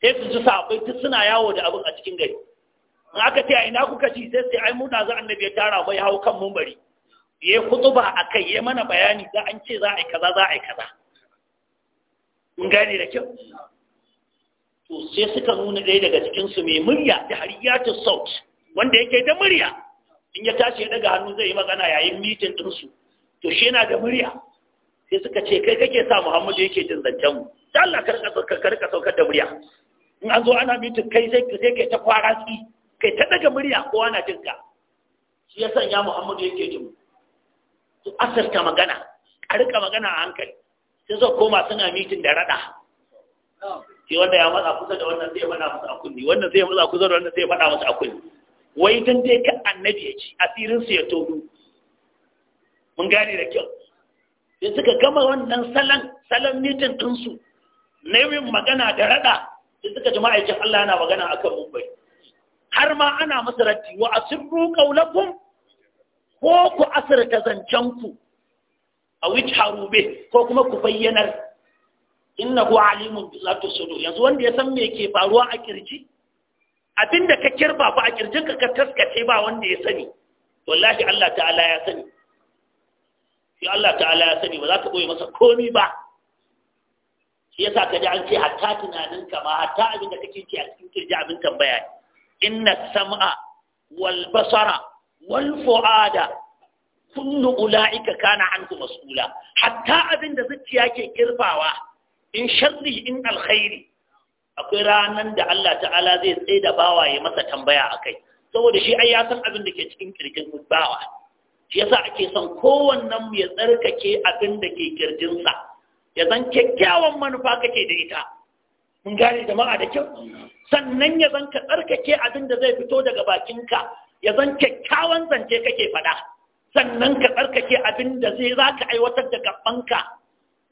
sai su ji sabai duk suna yawo da abin a cikin gari in aka ce a ina kuka ci sai sai ai mu da za annabi ya tara mai hau kan mumbari ya yi kutuba a kai ya mana bayani za an ce za a yi kaza za a yi kaza Mun gane da kyau to sai suka nuna ɗaya daga cikinsu mai murya da ta saut wanda yake da murya in ya tashi ya daga hannu zai yi magana yayin mitin ɗinsu to shi yana da murya sai suka ce kai kake sa muhammadu yake jin zancen mu da Allah karka saukar da murya in an zo ana mitin kai sai kai ta kwaratsi kai ta daga murya kowa na ka shi ya sanya muhammadu yake jin mu su asarta magana a rika magana a hankali sai zo koma suna mitin da rada ke wanda ya matsa kusa da wannan zai faɗa musu a wannan zai matsa kusa da wannan zai faɗa musu a wai tun dai kan annabi ya ci asirin su ya tono mun gane da kyau sai suka gama wannan salon salon mitin din su na yin magana da rada sai suka ji ma'aikin Allah yana magana akan bai har ma ana masa ratti wa asirru qaulakum ko ku asirta zancenku a wuce harube ko kuma ku bayyanar innahu alimun billatu sudu yanzu wanda ya san me ke faruwa a kirji abinda ka kirba ba a kirjin ka ka taskace ba wanda ya sani wallahi Allah ta'ala ya sani shi Allah ta'ala ya sani ba za ka boye masa komi ba shi yasa ka ji an ce hatta tunanin ka ma hatta abin da kake ci a cikin kirji abin tambaya inna sam'a wal basara wal fu'ada kullu ula'ika kana anhu mas'ula hatta abin da zuciya ke kirbawa in sharri in alkhairi akwai ranan da Allah ta'ala zai tsaye da bawa ya masa tambaya akai saboda shi ai ya san abin da ke cikin kirkin bawa shi yasa ake son kowannen ya tsarkake abin da ke kirjinsa ya zan kyakkyawan manufa kake da ita mun gane jama'a da kyau sannan ya zan ka tsarkake abin da zai fito daga bakinka ya zan kyakkyawan zance kake faɗa sannan ka tsarkake abin da zai za ka aiwatar da gabanka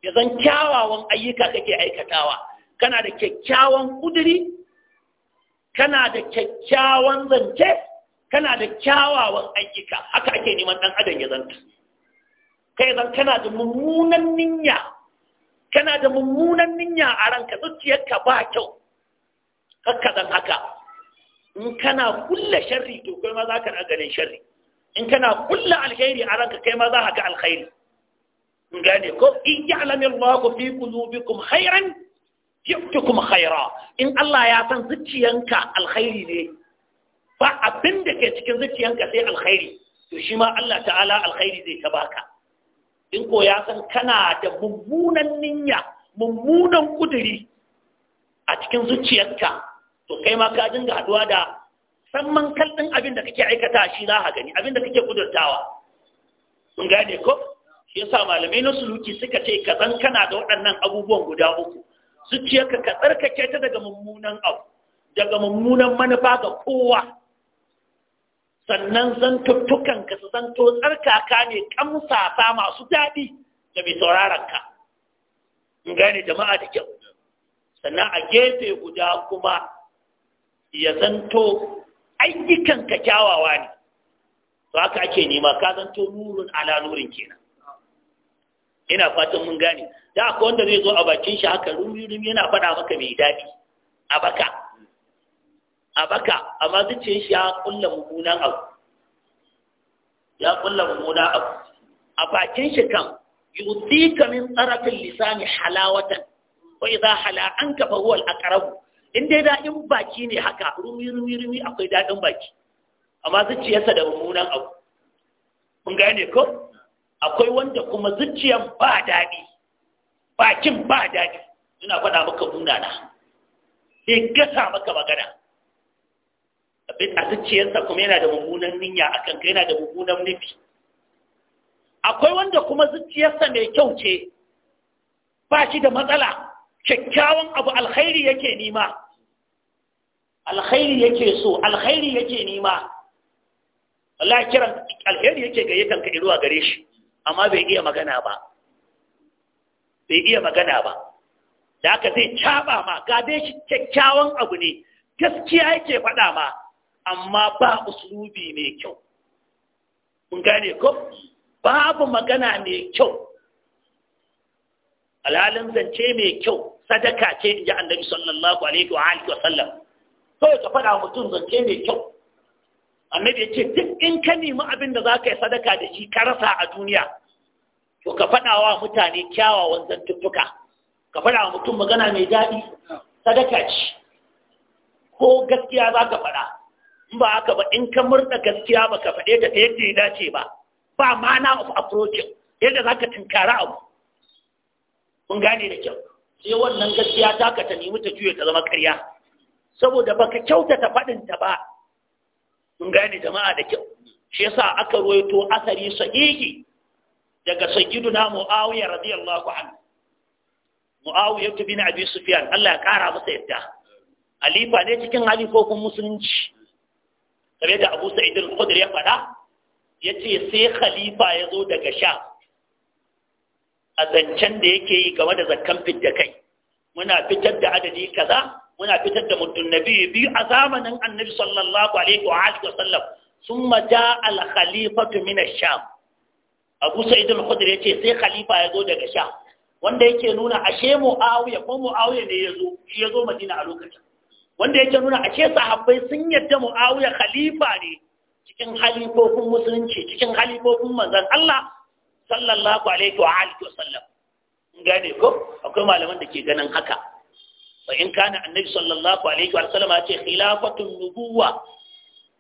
ya zan kyawawan ayyuka kake aikatawa kana da kyakkyawan kuduri kana da kyakkyawan zance kana da kyawawan ayyuka haka ake neman ɗan adam ya zanta kai zan kana da mummunan niyya kana da mummunan niyya a ranka zuciyarka ba kyau kakka zan haka in kana kulle sharri to kai ma za ka ganin sharri in kana kulla alkhairi a ranka kai ma za ka ga alkhairi in gane ko in ya'lamu Allahu fi qulubikum khairan yu'tikum khaira in Allah ya san zuciyanka alkhairi ne ba abin da ke cikin zuciyanka sai alkhairi to shi ma Allah ta'ala alkhairi zai ta baka in ko ya san kana da mummunan niyya mummunan kuduri a cikin zuciyarka to kai ma ka dinga haduwa da samman kalɗin abin da kake aikata shi za ka gani abin da kake kudurtawa mun gane ko shi yasa malamai na suluki suka ce ka zan kana da waɗannan abubuwan guda uku su ce ka tsarkake ta daga mummunan abu daga mummunan manufa ga kowa sannan zantuttukan ka su zanto tsarkaka ne kamsafa masu daɗi da mai sauraron ka gane jama'a da kyau sannan a gefe guda kuma ya zanto ayyukan ka kyawawa ne to haka ake nema ka zanto nurun ala nurin kenan ina fatan mun gane da ko wanda zai zo a bakin shi haka rumi rumi yana faɗa maka mai daɗi a baka a baka amma zuciyar shi ya kulla mummunan abu ya kulla mummunan abu a bakin shi kan yutika min tsarafin lisani halawatan wa idza hala anka fa huwa al-aqrab in dai daɗin baki ne haka rumi rumi rumi akwai daɗin baki amma zuciyarsa da mummunan abu mun gane ko akwai wanda kuma zuciyar ba daɗi bakin ba daɗi ina faɗa maka munana sai gasa maka magana abin a zuciyarsa kuma yana da mummunan niyya a kanka yana da mummunan nufi akwai wanda kuma zuciyarsa mai kyau ce ba shi da matsala kyakkyawan abu alkhairi yake nima alkhairi yake so alkhairi yake nima Allah kiran alkhairi yake gayyatan ka iruwa gare shi amma bai iya magana ba bai iya magana ba da aka zai caba ma ga dai shi kyakkyawan abu ne gaskiya yake faɗa ma amma ba uslubi mai kyau mun gane ko babu magana mai kyau alhalin zance mai kyau sadaka ce inji annabi sallallahu alaihi wa alihi wa sallam kawai ka faɗa mutum zance mai kyau annabi ya ce duk in ka nemi abin da za ka yi sadaka da shi ka rasa a duniya to ka faɗa wa mutane kyawawan zantuttuka ka faɗa wa mutum magana mai daɗi sadaka ce ko gaskiya za ka faɗa in ba haka ba in ka murna gaskiya ba ka faɗe ta yadda ya dace ba ba mana of approaching yadda za ka tunkara abu kun gane da kyau sai wannan gaskiya ta ka ta nemi ta juya ta zama karya saboda baka kyautata faɗinta ta ba sun gane jama'a da kyau shi yasa aka roito asari sahihi daga sayyiduna muawiya radiyallahu anhu muawiya abin su sufyan Allah ya ƙara masa yadda alifa ne cikin halifofin musulunci tare da Abu Sa'id al-Khudri ya faɗa yace sai khalifa ya zo daga sha a zancen da yake yi game da zakkan fidda kai muna fitar da adadi kaza muna fitar da mutum na biyu a zamanin annabi sallallahu alaihi wa alihi sallam sun maja al-khalifatu min ash-sham Abu Sa'id al-Khudri yace sai khalifa ya zo daga Sham wanda yake nuna ashe Muawiya ko Muawiya ne ya zo shi ya zo Madina a lokacin wanda yake nuna ashe sahabbai sun yadda Muawiya khalifa ne cikin halifofin musulunci cikin halifofin manzon Allah sallallahu alaihi wa alihi sallam gane ko akwai malaman da ke ganin haka fa in kana annabi sallallahu alaihi wa sallam ya ce khilafatun nubuwa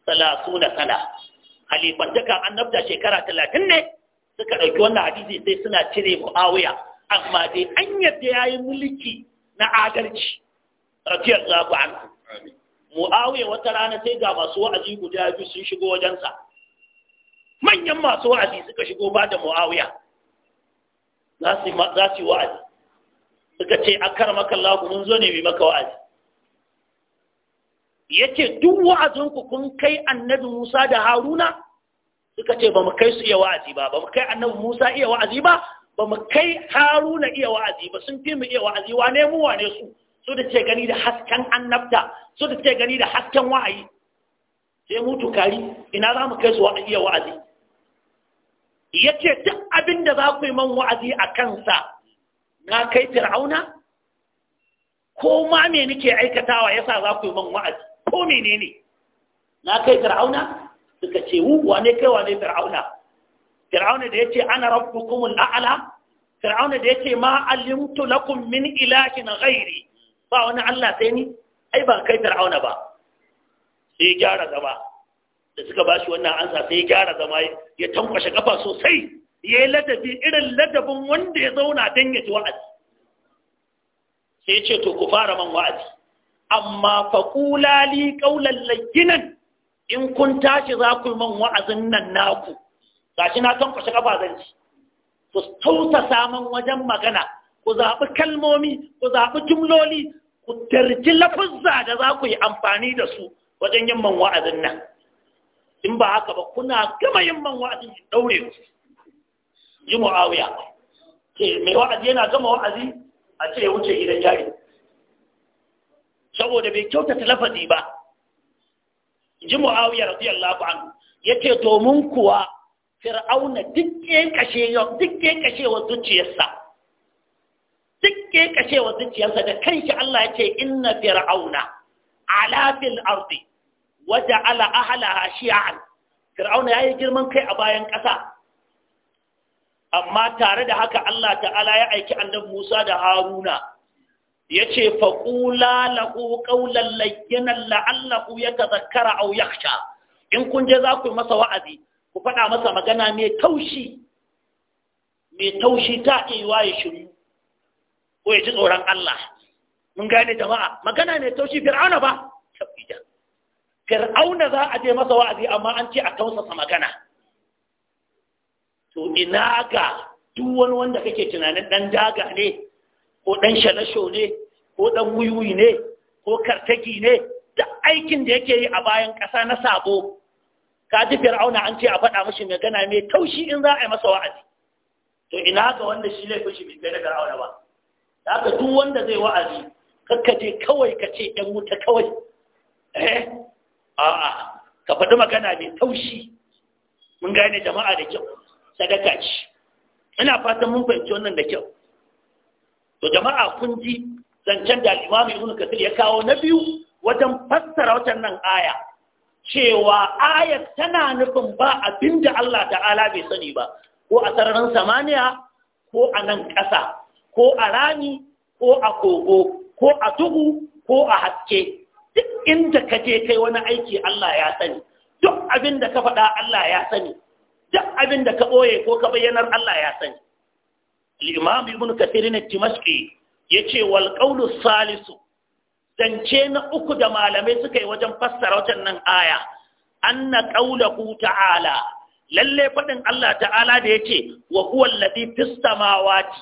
30 sana halifantaka annabta shekara 30 ne suka dauki wannan hadisi sai suna cire muawiya amma dai an yadda yayi mulki na adalci radiyallahu anhu muawiya wata rana sai ga masu wa'azi guda biyu sun shigo wajensa manyan masu wa'azi suka shigo ba da za su yi wa'azi suka ce maka makallahu mun zo ne mai maka wa'azi yace duk wa'azinku kun kai annabi Musa da Haruna suka ce ba mu kai su iya wa'azi ba ba mu kai annabi Musa iya wa'azi ba ba mu kai Haruna iya wa'azi ba sun fi mu iya wa'azi Wa ne mu wane su su da ce gani da hasken annabta su da ce gani da hasken wa'ayi sai mu tukari ina za mu kai su iya wa'azi yace duk abin da za ku yi man wa'azi a kansa na kai fir'auna ko ma me nake aikatawa yasa za ku yi man wa'azi ko menene na kai fir'auna suka ce wu wane kai wane fir'auna fir'auna da yace ana rabbukumul a'la fir'auna da yace ma alimtu lakum min ilahin ghairi ba wani Allah sai ni ai ba kai fir'auna ba sai gyara zama da suka bashi wannan ansa sai gyara zama ya tankwashe kafa sosai ya yi ladabi irin ladabin wanda ya zauna don ya ji wa'azi sai ce to ku fara man wa'azi amma faƙula li ƙaunar layyinan in kun tashi za ku man wa'azin nan naku shi na san kwashe kafa zan ci ku tausa saman wajen magana ku zaɓi kalmomi ku zaɓi jumloli ku tarji lafuzza da za ku yi amfani da su wajen yin man wa'azin nan in ba haka ba kuna gama yin man wa'azin ɗaure ku ji muawiya ke mai wa'azi yana gama wa'azi a ce ya wuce gidan jari saboda bai kyautata lafazi ba ji muawiya radiyallahu anhu yace domin kuwa fir'auna duk ya kashe duk ya kashe wa zuciyarsa duk ya kashe wa zuciyarsa da kanshi Allah yace inna fir'auna ala fil ardi wa ja'ala ahlaha shi'an fir'auna yayi girman kai a bayan kasa. amma tare da haka Allah ta'ala ya aiki annabi Musa da Haruna ya ce faƙula laƙo ƙaunar layyanar la'allaku ya tazakkara au yaksha in kun je za ku masa wa'azi ku faɗa masa magana mai taushi mai taushi ta iya ya shiru ko ya ji tsoron Allah mun gane jama'a magana mai taushi fir'auna ba fir'auna za a je masa wa'azi amma an ce a tausasa magana to ina ga duk wani wanda kake tunanin dan daga ne ko dan shalasho ne ko dan wuyuyi ne ko kartaki ne da aikin da yake yi a bayan ƙasa na sabo ka ji fir'auna an ce a faɗa mashi gana mai taushi in za a yi masa wa'azi to ina ga wanda shi laifin shi bai kai fir'auna ba Da haka duk wanda zai wa'azi kakkace kawai ka ce ɗan wuta kawai eh a'a ka faɗi magana mai taushi mun gane jama'a da kyau sadaka ce ina fatan mun fahimci wannan da kyau to jama'a kun ji zancen da al-Imam Ibn Kathir ya kawo na biyu wajen fassara watan nan aya cewa ayat tana nufin ba abinda Allah ta'ala bai sani ba ko a sararin samaniya ko a nan ƙasa ko a rani ko a kogo ko a duhu ko a haske duk inda ka kai wani aiki Allah ya sani duk abin da ka faɗa Allah ya sani duk abin da ka ɓoye ko ka bayyanar Allah ya sani limami ibn kathir ne dimashqi yace wal salisu zance na uku da malamai suka yi wajen fassara wajen nan aya an na anna ta ta'ala lalle faɗin Allah ta'ala da ya ce wa huwa alladhi fis samawati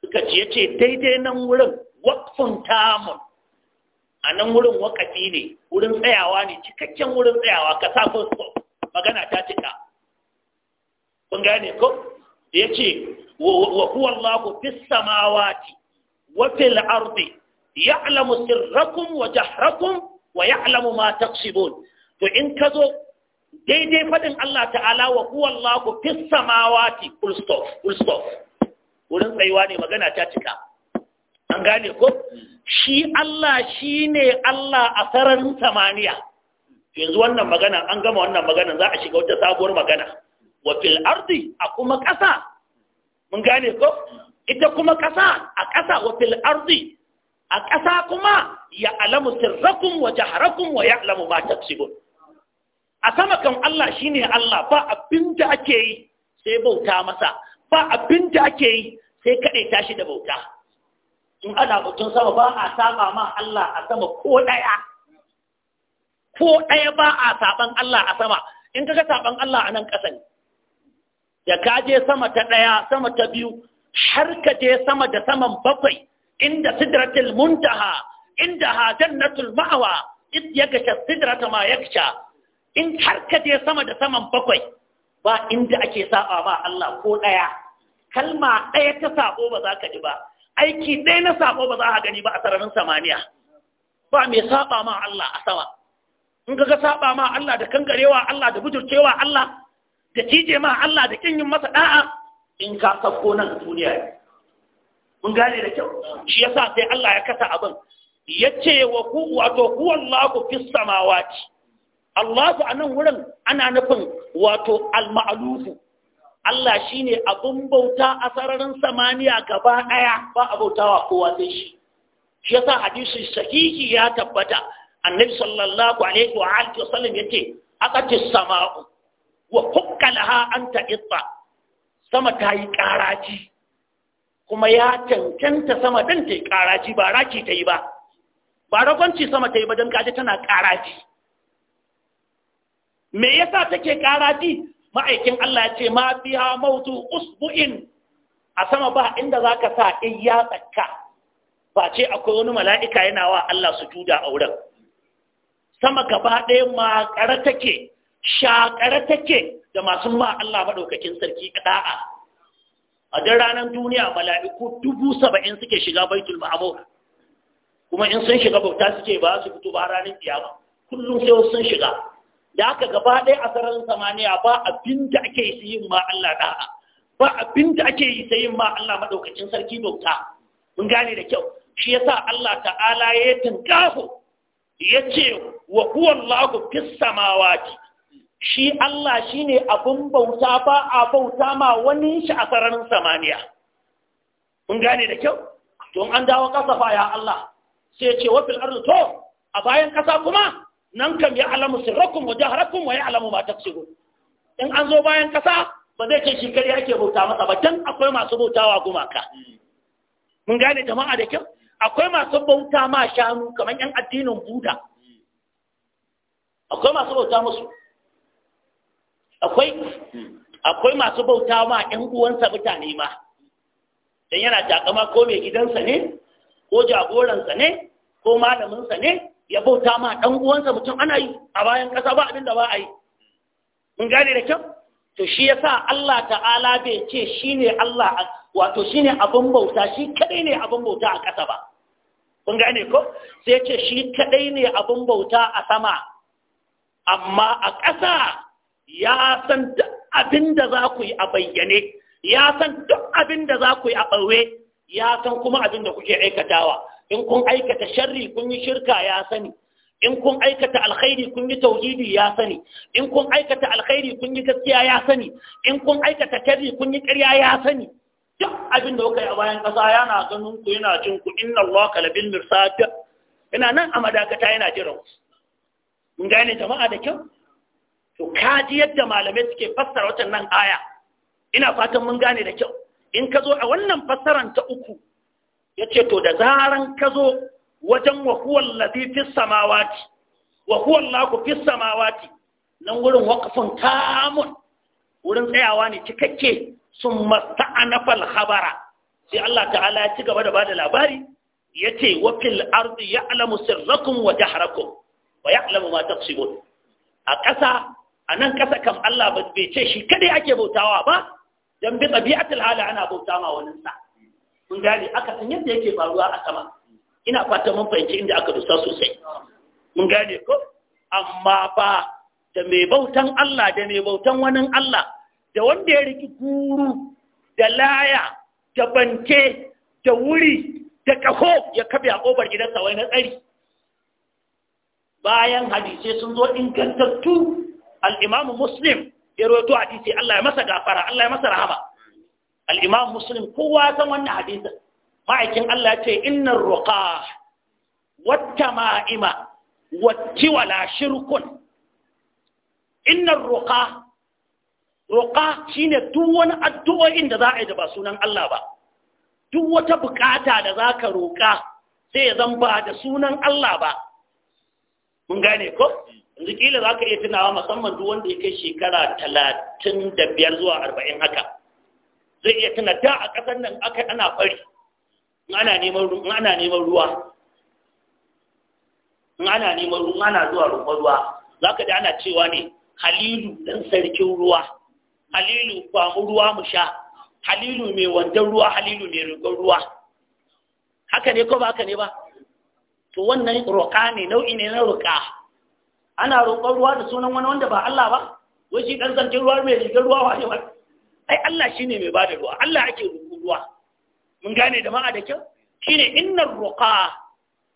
suka ce ce daidai nan wurin waqfun tamun a nan wurin wakafi ne wurin tsayawa ne cikakken wurin tsayawa ka sa magana ta cika kun gane ko ce wa huwa Allahu fis samawati wa fil ardi ya'lamu sirrakum wa jahrakum wa ya'lamu ma taqsibun to in ka zo daidai fadin Allah ta'ala wa huwa Allahu fis samawati full stop full stop wurin tsayuwa ne magana ta cika an gane ko shi Allah shine Allah a sararin samaniya yanzu wannan magana an gama wannan magana za a shiga wata sabuwar magana wa fil ardi a kuma ƙasa mun gane ko ita kuma ƙasa a ƙasa wa fil ardi a ƙasa kuma ya alamu sirrakum wa jaharakum wa ya alamu ma taksibun a sama kan Allah shine Allah ba abin da ake yi sai bauta masa ba abin da ake yi sai kaɗai tashi da bauta in ana mutum sama ba a saba ma Allah a sama ko ɗaya ko ɗaya ba a saɓan Allah a sama in kaga saɓan Allah a nan ƙasa ne da ka je sama ta ɗaya sama ta biyu har ka je sama da saman bakwai inda sidratul muntaha inda ha jannatul ma'awa ya yagsha sidrata ma gasha, in har ka je sama da saman bakwai ba inda ake saɓa ba Allah ko ɗaya kalma ɗaya ta saɓo ba za ka ji ba aiki ɗaya na saɓo ba za ka gani ba a sararin samaniya ba mai saɓa ma Allah a sama in ga saba ma Allah da kangarewa Allah da bujurcewa Allah da cije ma Allah da kin yin masa da'a in ka sako nan duniya mun gane da kyau shi yasa sai Allah ya kasa abin yace wa ku wato ku wallahu fis samawati Allah su anan wurin ana nufin wato al-ma'lufu Allah shine abun bauta a sararin samaniya gaba daya ba a bautawa kowa sai shi shi yasa hadisi sahihi ya tabbata annabi sallallahu alaihi wa alihi wa sallam yace akati sama'u wa hukkalaha anta itta sama ta yi karaci kuma ya cancanta sama din ta yi karaci ba raki ta yi ba ba rakonci sama ta yi ba dan kaje tana karaci me yasa take karaci ma'aikin Allah ya ce ma biha mautu usbu'in a sama ba inda zaka sa in ya tsakka ba ce akwai wani mala'ika yana wa Allah su a auren. sama gaba ɗaya makare take shaƙara take da masu ma Allah maɗaukakin sarki ɗa'a a duk ranar duniya mala'iku dubu saba'in suke shiga baitul ma'amur kuma in sun shiga bauta suke ba su fito ba ranar ƙiyama, kullum sai wasu sun shiga da aka gaba ɗaya a sararin samaniya ba abin ake yi yin ma Allah ɗa'a ba abin ake yi sai yin ma Allah maɗaukakin sarki bauta mun gane da kyau shi yasa Allah ta'ala ya tinkafo Ya ce wa huwa Allahu fis samawati shi Allah ne abun bauta ba a bauta ma wani shi a sararin samaniya kun gane da kyau Don an dawo ƙasa fa ya Allah sai ya ce wa fil ardi to a bayan ƙasa kuma nan kam ya alamu sirrakun wa jaharakun wa ya alamu ma tafsirun in an zo bayan ƙasa ba zai ce shi kare ke bauta masa ba can akwai masu bautawa gumaka mun gane jama'a da kyau akwai masu bauta ma shanu kamar yan addinin buda akwai masu bauta musu akwai masu bauta ma yan uwansa mutane ma dan yana takama ko mai gidansa ne ko jagoransa ne ko malaminsa ne ya bauta ma ɗan uwansa mutum ana yi a bayan ƙasa ba abin da ba a yi mun gane da kyau to shi yasa Allah ta'ala bai ce shine Allah wato shine abin bauta shi kadai ne abin bauta a ƙasa ba kun gane ko sai ce shi kadai ne abin bauta a sama amma a ƙasa ya san duk abin da za ku yi a bayyane ya san duk abin da za ku yi a ɓaure ya san kuma abin da kuke aikatawa in kun aikata sharri kun yi shirka ya sani in kun aikata alkhairi kun yi tauhidi ya sani in kun aikata alkhairi kun yi gaskiya ya sani in kun aikata sharri kun yi ƙarya ya sani duk abin da kuka yi a bayan ƙasa yana ganin ku yana jin ku inna Allah kalabil mirsad ina nan a madakata yana jira ku mun gane jama'a da kyau to kaji yadda malamai suke fassara watan nan aya ina fatan mun gane da kyau in ka zo a wannan fassaran ta uku yace to da zaran ka zo wajen wa huwa allazi fis samawati wa huwa allahu fis samawati nan wurin waqfun tamun wurin tsayawa ne cikakke sun masta'anafal habara sai Allah ta'ala ya ci gaba da bada labari Ya ce wa fil ardi ya'lamu sirrakum wa jahrakum wa ya'lamu ma taksibun a ƙasa a nan ƙasa kam Allah bai ce shi kadai ake bautawa ba Don bi tabi'atul hala ana bauta ma wani sa mun gane aka san yadda yake faruwa a sama ina fata mun fahimci inda aka dusa sosai mun gane ko amma ba da mai bautan Allah da mai bautan wani Allah da wanda ya riki guru da laya da banke da wuri da kaho ya kabe a ƙofar gidansa wai na tsari bayan hadisi sun zo ingantattu al'imamu muslim ya roto hadisi Allah ya masa gafara Allah ya masa rahama al'imamu muslim kowa san wannan hadisi ma'aikin Allah ce innan roƙa wata ma'ima wata wala shirkun inna roƙa roƙa shine duk wani addu'o'in da za a yi da ba sunan Allah ba duk wata bukata da za ka roƙa sai ya zan ba da sunan Allah ba mun gane ko yanzu kila za ka iya tunawa musamman duk wanda ya kai shekara talatin da biyar zuwa arba'in haka zai iya tuna da a ƙasar nan aka ana fari in ana neman ruwa in ana neman ruwa ana zuwa ruwa za ka ji ana cewa ne halilu dan sarkin ruwa halilu kwamu ruwa mu sha halilu mai wandan ruwa halilu mai rigon ruwa haka ne ko ba haka ne ba to wannan roƙa ne nau'i ne na roƙa ana roƙon ruwa da sunan wani wanda ba Allah ba wai shi ɗan sarkin ruwa mai rigar ruwa wa ne ai Allah shine mai bada ruwa Allah ake roƙo ruwa mun gane da ma'a da kyau shine innar roƙa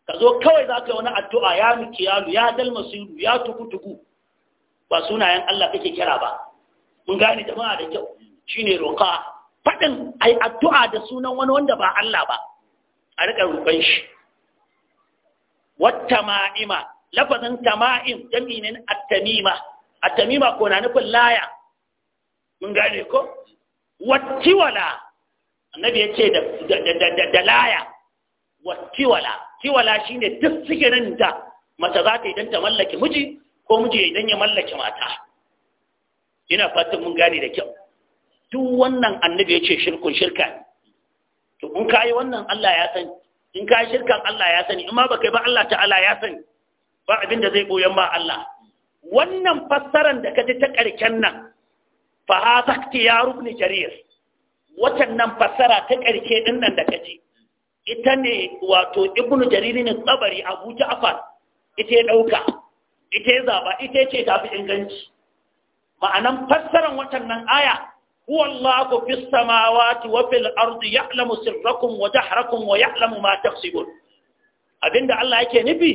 ka zo kawai za ka yi wani addu'a ya mikiyalu ya dalmasiru ya tuku. ba sunayen Allah kake kira ba mun gane jama'a da kyau shine roƙa faɗin ai addu'a da sunan wani wanda ba Allah ba a riƙa roƙon shi wata ma'ima lafazin tama'im jami'in at-tamima at-tamima ko na nufin laya mun gane ko wattiwala annabi yace ce da laya wattiwala tiwala shine duk sigirin da mace za ta yi don ta mallaki miji ko miji idan ya mallake mata ina fatan mun gane da kyau duk wannan annabi ya ce shirkun shirka to in ka yi wannan Allah ya sani in ka yi shirkan Allah ya sani in ma baka ba Allah ta'ala ya sani ba abin da zai boyan ma Allah wannan fassaran da ka ji ta ƙarken nan fa hadha ikhtiyar ibn jarir nan fassara ta ƙarke din nan da ka ji ita ne wato ibn jarir ne tsabari abu ja'far ita ya dauka ita ya zaba ita ce ta fi inganci ma'anan fassaran watan aya wallahu Allahu fis samawati wa fil ardi ya'lamu sirrakum wa jahrakum wa ya'lamu ma taksibun abinda Allah yake nufi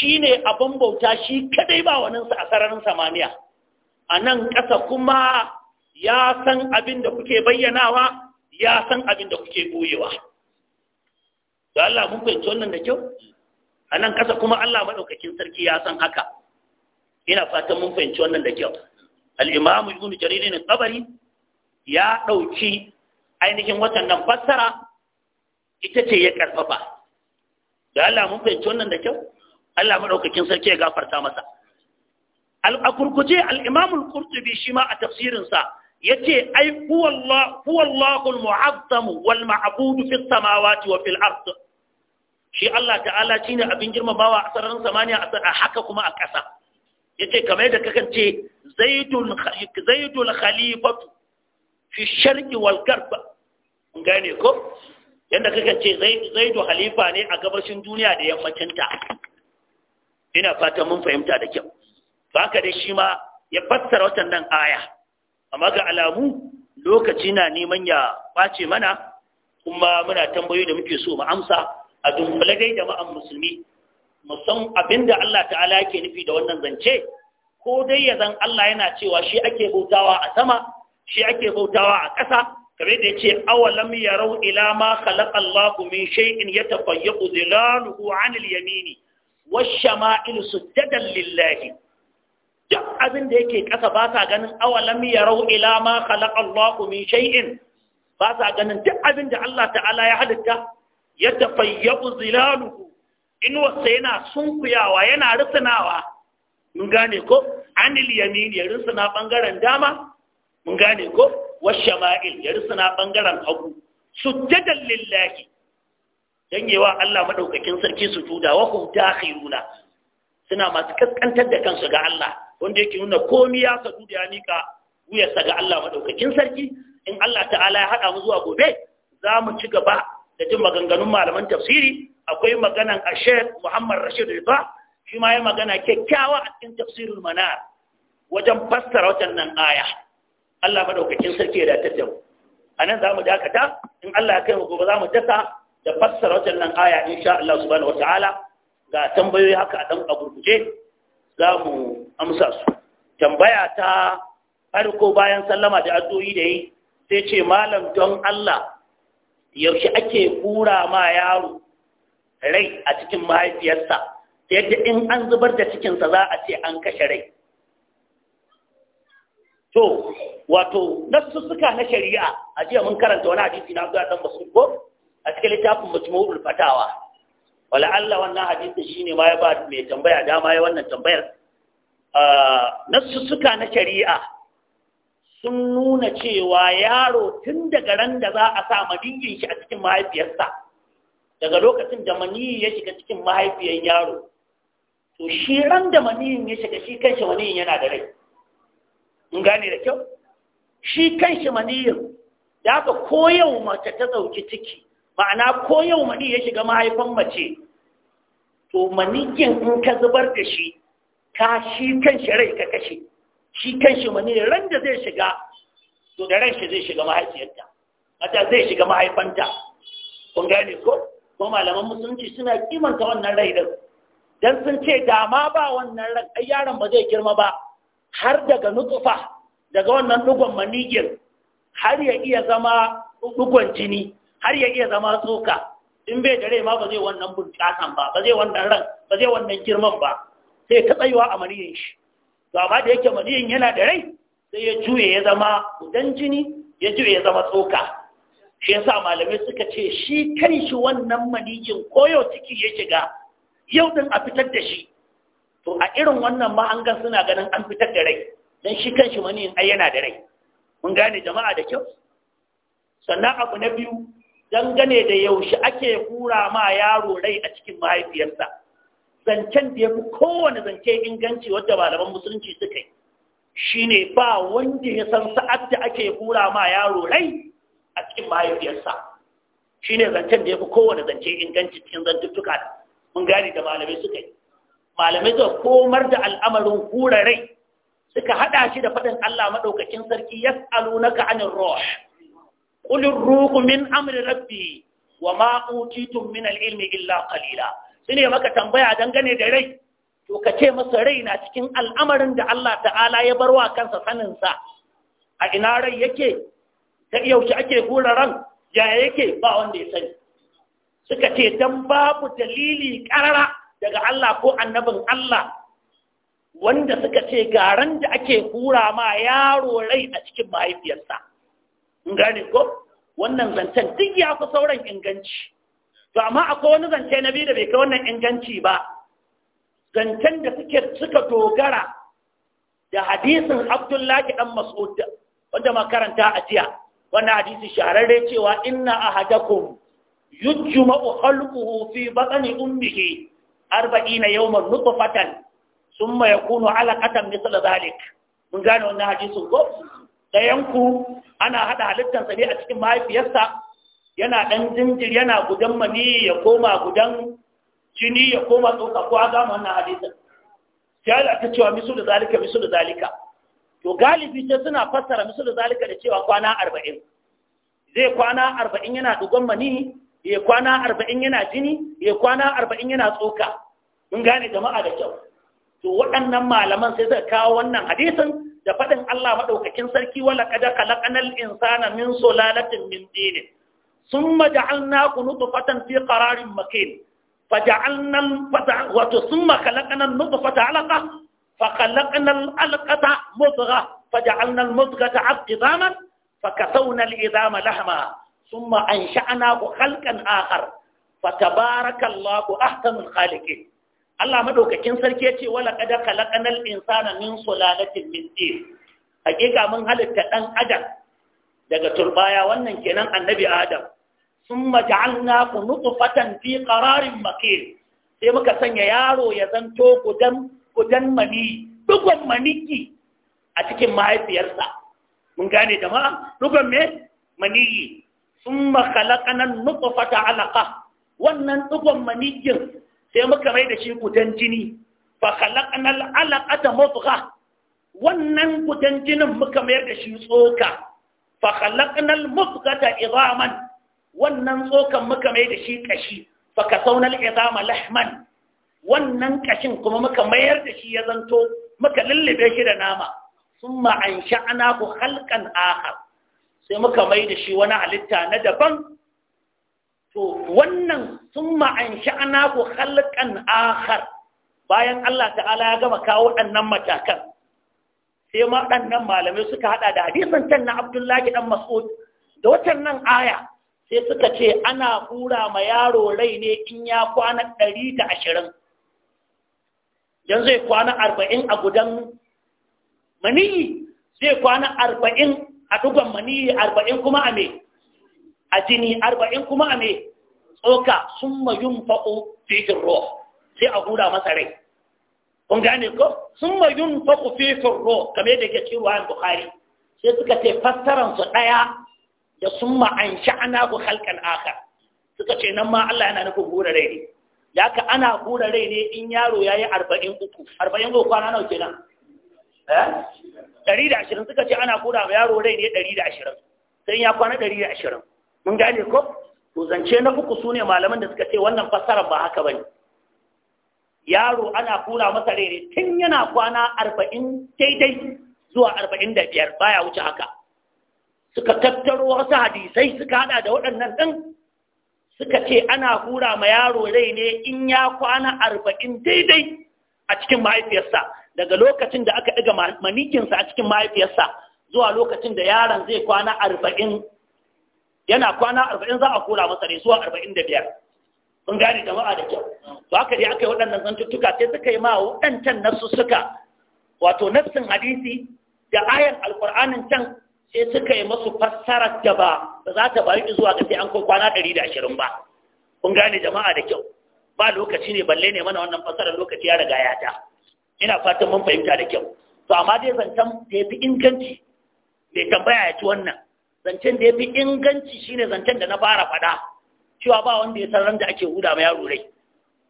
shine abin bauta shi kadai ba wani sa a sararin samaniya a nan ƙasa kuma ya san abin da kuke bayyanawa ya san abin da kuke boyewa da Allah mun fahimci wannan da kyau a nan ƙasa kuma Allah maɗaukakin sarki ya san haka ina fatan mun fahimci wannan da kyau al-imam ibn jarir qabari ya dauki ainihin watan nan fassara ita ce ya karfafa da Allah mun fahimci wannan da kyau Allah madaukakin sarki ya gafarta masa al-akurkuje al-imam al-qurtubi shi ma a tafsirin sa yace ai huwallahu huwallahu al-mu'azzam wal ma'bud fi samawati wa fil ard shi Allah ta'ala shine abin girmamawa a sararin samaniya a haka kuma a ƙasa yace kamar yadda kakan ce zaidul zaidul khalifatu fi sharqi wal garb gane ko yadda kakan ce zaidu khalifa ne a gabashin duniya da yammacinta? ta ina fatan mun fahimta da kyau baka dai shi ma ya fassara watannan aya amma ga alamu lokaci na neman ya ɓace mana kuma muna tambayoyi da muke so mu amsa a dunkule dai jama'an musulmi musan abinda Allah ta'ala yake nufi da wannan zance ko dai ya Allah yana cewa shi ake bautawa a sama shi ake bautawa a ƙasa kamar da yace awalam yarau ila ma khalaqa Allah min shay'in yatafayyu zilaluhu al yamini wash-shama'il sujadan lillahi duk abin da yake ƙasa ba sa ganin awalam yarau ila ma khalaqa Allah min shay'in ba sa ganin duk abinda Allah ta'ala ya halitta yatafayyu zilaluhu wasa yana sunkuyawa yana rusunawa mun gane ko anil yamin ya rusuna bangaren dama mun gane ko washama'il ya rusuna bangaren hagu sujjadan lillahi danyewa Allah Maɗaukakin sarki su sujuda wa hum dakhiluna suna masu kaskantar da kansu ga Allah wanda yake nuna komi ya sujuda ya mika wuyarsa ga Allah madaukakin sarki in Allah ta'ala ya haɗa mu zuwa gobe za mu ci gaba da jin maganganun malaman tafsiri akwai maganan ashek muhammad rashid rifa shi ma ya magana kyakkyawa a cikin tafsirin manar wajen fassara waɗannan aya Allah madaukakin sarki ya datar da mu a nan za mu dakata in Allah ya kai mu gobe za mu dasa da fassara nan aya insha Allah subhanahu ta'ala. ga tambayoyi haka a dan agurguje za mu amsa su tambaya ta farko bayan sallama da addu'o'i da yi sai ce malam don Allah yaushe ake kura ma yaro rai a cikin mahaifiyarsa ta yadda in an zubar da cikinsa za a ce an kashe rai to wato suka na shari'a a jiya mun karanta wani hadisi na zuwa ɗan basu ko a cikin littafin Majmu'ul Fatawa wala Allah wannan shi ne ma ya ba mai tambaya dama ya wannan tambayar ah, suka na shari'a sun nuna cewa yaro tun daga ran da za a sa maniyin shi a cikin mahaifiyarsa daga lokacin da maniyi ya shiga cikin mahaifiyar yaro to shi ran da maniyin ya shiga shi kanshi maniyin yana da rai in gane da kyau shi kanshi maniyin da aka koyau mace ta ɗauki ciki ma'ana koyau mani ya shiga mahaifan mace to maniyin in ka zubar da shi ka shi kanshi rai ka kashe shi kan shi wani ne ran da zai shiga to da ran shi zai shiga mahaifiyarta mata zai shiga mahaifanta kun gane ko ko malaman musulunci suna kimanta wannan rai din dan sun ce da ma ba wannan ran ai yaron ba zai girma ba har daga nutsufa daga wannan dugon manigin, har ya iya zama dugon jini har ya iya zama tsoka in bai da rai ma ba zai wannan bunƙasan ba ba zai wannan ran ba zai wannan girman ba sai ta tsayuwa a maniyin shi to amma da yake maniyin yana da rai sai ya juye ya zama dan jini ya juye ya zama tsoka shi yasa malamai suka ce shi kan shi wannan maniyin koyo ciki ya shiga yau din a fitar da shi to a irin wannan ma ga suna ganin an fitar da rai dan shi kan shi maniyin ai yana da rai mun gane jama'a da kyau sannan abu na biyu dangane da yaushe ake hura ma yaro rai a cikin mahaifiyarsa zancen da ya fi kowane zance inganci wadda malaman musulunci suka yi shi ne ba wanda ya san sa'ad da ake hura ma yaro rai a cikin mahaifiyarsa ne zancen da ya fi kowane zance inganci cikin zantuttuka mun gane da malamai suka yi malamai suka komar da al'amarin hura rai suka haɗa shi da faɗin Allah maɗaukakin sarki na ka'anin rosh qul ruhu min amri rabbi wa ma tun min al'ilmi illa qalila ne maka tambaya dangane da rai to ka ce masa rai na cikin al'amarin da Allah ta'ala ya bar wa kansa saninsa a ina rai yake ta yaushe ake hura ran ya yake ba wanda ya sani suka ce dan babu dalili ƙarara daga Allah ko annabin Allah wanda suka ce garan da ake hura ma yaro rai a cikin mahaifiyarsa in gane ko wannan zancen duk ya fi sauran inganci to amma akwai wani zance na biyu da bai kai wannan inganci ba zancen da suke suka dogara da hadisin abdullahi dan mas'ud wanda makaranta a jiya wannan hadisi shahararre cewa inna ahadakum yujma'u khalquhu fi batni ummihi 40 yawman nutfatan thumma yakunu 'alaqatan mithla dhalik mun gane wannan hadisin ko yanku ana haɗa halittar sa ne a cikin mahaifiyarsa yana ɗan jinjir yana gudan mani ya koma gudan jini ya koma tsoka ko a gama wannan hadisin sai Allah ta cewa misu da zalika misu da zalika to galibi sai suna fassara misu da zalika da cewa kwana arba'in zai kwana arba'in yana dugon mani ya kwana arba'in yana jini ya kwana arba'in yana tsoka mun gane jama'a da kyau to waɗannan malaman sai suka kawo wannan hadisin da faɗin Allah maɗaukakin sarki wala kada kalaƙanar insana min solalatin min dinin ثم جعلناه نطفة في قرار مكين فجعلنا ثم خلقنا النطفة علقة فخلقنا العلقة مضغة فجعلنا المضغة عظاما فكسونا العظام لحما ثم أنشأناه خلقا آخر فتبارك الله أحسن الخالقين Allah madaukakin sarki ya ce wala kada kalakanal insana min sulalatin min tin hakika mun halitta dan adam daga turbaya wannan kenan annabi adam sun maja'alna ku fatan fi ƙararin makin sai muka sanya yaro ya zanto gudan gudan mani dugon maniki a cikin mahaifiyarsa mun gane jama'a dugon me maniyi sun makalakanan fata alaka wannan dugon manikin sai muka mai da shi gudan jini fa alaka da mutfa wannan gudan jinin muka mayar da shi tsoka fa kalakanan mutfata iraman wannan tsokan muka mai da shi kashi fa kasawnal izama lahman wannan kashin kuma muka mayar da shi ya zanto muka lullube shi da nama summa ansha'na ku halkan ahar. sai muka mai da shi wani halitta na daban to wannan summa ansha'na ku halkan ahar, bayan Allah ta'ala ya gama kawo waɗannan matakan sai waɗannan malamai suka haɗa da hadisin can na Abdullahi dan Mas'ud da watan nan aya sai suka ce ana kura ma yaro rai ne in ya kwana ɗari da ashirin yanzu zai kwana arba'in a gudan maniyi zai kwana arba'in a dugon maniyi arba'in kuma a me a jini arba'in kuma a me tsoka sun mayun fa'o fikin ruwa sai a hura masa rai kun gane ko sun mayun fa'o fikin ruwa kamar da ke cewa yin bukari sai suka ce fassaransu ɗaya da sun ma'an sha'ana ku halkan akar suka ce nan ma Allah yana nufin hura rai ne ya ka ana hura rai ne in yaro ya yi arba'in uku arba'in uku kwana nawa kenan eh? ɗari da ashirin suka ce ana hura ma yaro rai ne ɗari da ashirin sai ya kwana ɗari da ashirin mun gane ko to zance na uku su ne malaman da suka ce wannan fassarar ba haka ba ne yaro ana hura masa rai ne tun yana kwana arba'in daidai zuwa arba'in da biyar baya wuce haka suka tattaro wasu hadisai suka hada da waɗannan ɗin suka ce ana hura ma yaro rai ne in ya kwana arba'in daidai a cikin mahaifiyarsa daga lokacin da aka ɗiga manikinsa a cikin mahaifiyarsa zuwa lokacin da yaron zai kwana arba'in yana kwana arba'in za a hura masa rai zuwa arba'in da biyar sun gane jama'a da kyau to haka dai aka yi waɗannan zantuttuka sai suka yi ma waɗancan nasu suka wato nassin hadisi da ayan alƙur'anin can sai suka yi masu fassarar da ba ba za ta bayu zuwa ga sai an kai kwana ɗari da ashirin ba kun gane jama'a da kyau ba lokaci ne balle ne mana wannan fassarar lokaci ya riga ya ta ina fatan mun fahimta da kyau to amma dai zancen da ya inganci mai tambaya ya ci wannan zancen da ya fi inganci shine zancen da na fara faɗa cewa ba wanda ya san ran da ake huda ma yaro rai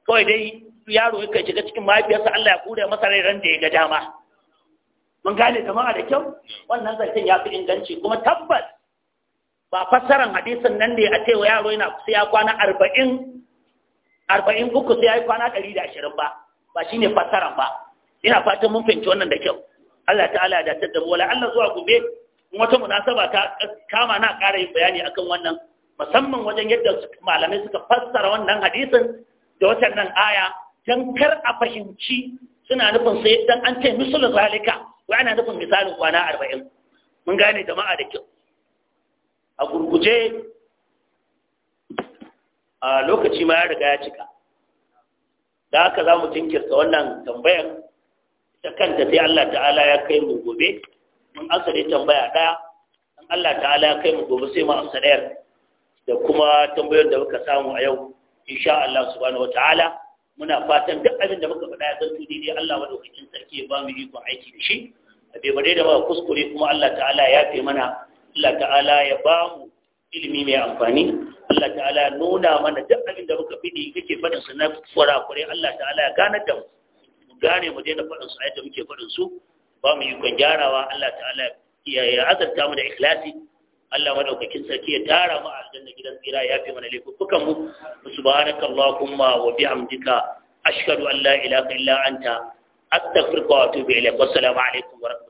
kawai dai yaro ya shiga cikin mahaifiyarsa Allah ya kure masa rai ran da ya ga dama mun gane jama'a da kyau wannan zancen ya fi inganci kuma tabbas ba fassaran hadisin nan da ya ce yaro yana sai ya kwana arba'in arba'in uku sai ya yi kwana ɗari da ashirin ba ba shine fassaran ba ina fatan mun fahimci wannan da kyau Allah ta'ala ya dace da wala Allah zuwa gobe wata munasaba ta kama na ƙara yin bayani akan wannan musamman wajen yadda malamai suka fassara wannan hadisin da wata nan aya don kar a fahimci suna nufin sai dan an ce misul zalika wa ana nufin misalin kwana arba'in mun gane jama'a da kyau a gurguje a lokaci ma ya riga ya cika da haka za mu jinkirta wannan tambayar ta kanta sai Allah ta'ala ya kai mu gobe mun asali tambaya ɗaya in Allah ta'ala ya kai mu gobe sai mu amsa ɗayar da kuma tambayar da muka samu a yau insha Allah subhanahu wa ta'ala muna fatan duk abin da muka faɗa ya zanto daidai Allah madaukakin sarki ya ba mu ikon aiki da shi a bebare da ba kuskure kuma Allah ta'ala ya fi mana Allah ta'ala ya ba mu ilimi mai amfani Allah ta'ala ya nuna mana duk abin da muka fidi kake faɗin su na kurakure Allah ta'ala ya ganar da mu gane mu daina faɗin su a yadda muke faɗin su ba mu ikon gyarawa Allah ta'ala ya azarta mu da ikhlasi Allah madaukakin sarki ya tara mu a aljanna gidan tsira ya fi mana laifukan mu subhanaka allahumma wa bihamdika ashhadu an la ilaha illa anta astaghfiruka wa atubu ilaik wassalamu alaikum wa rahmatullahi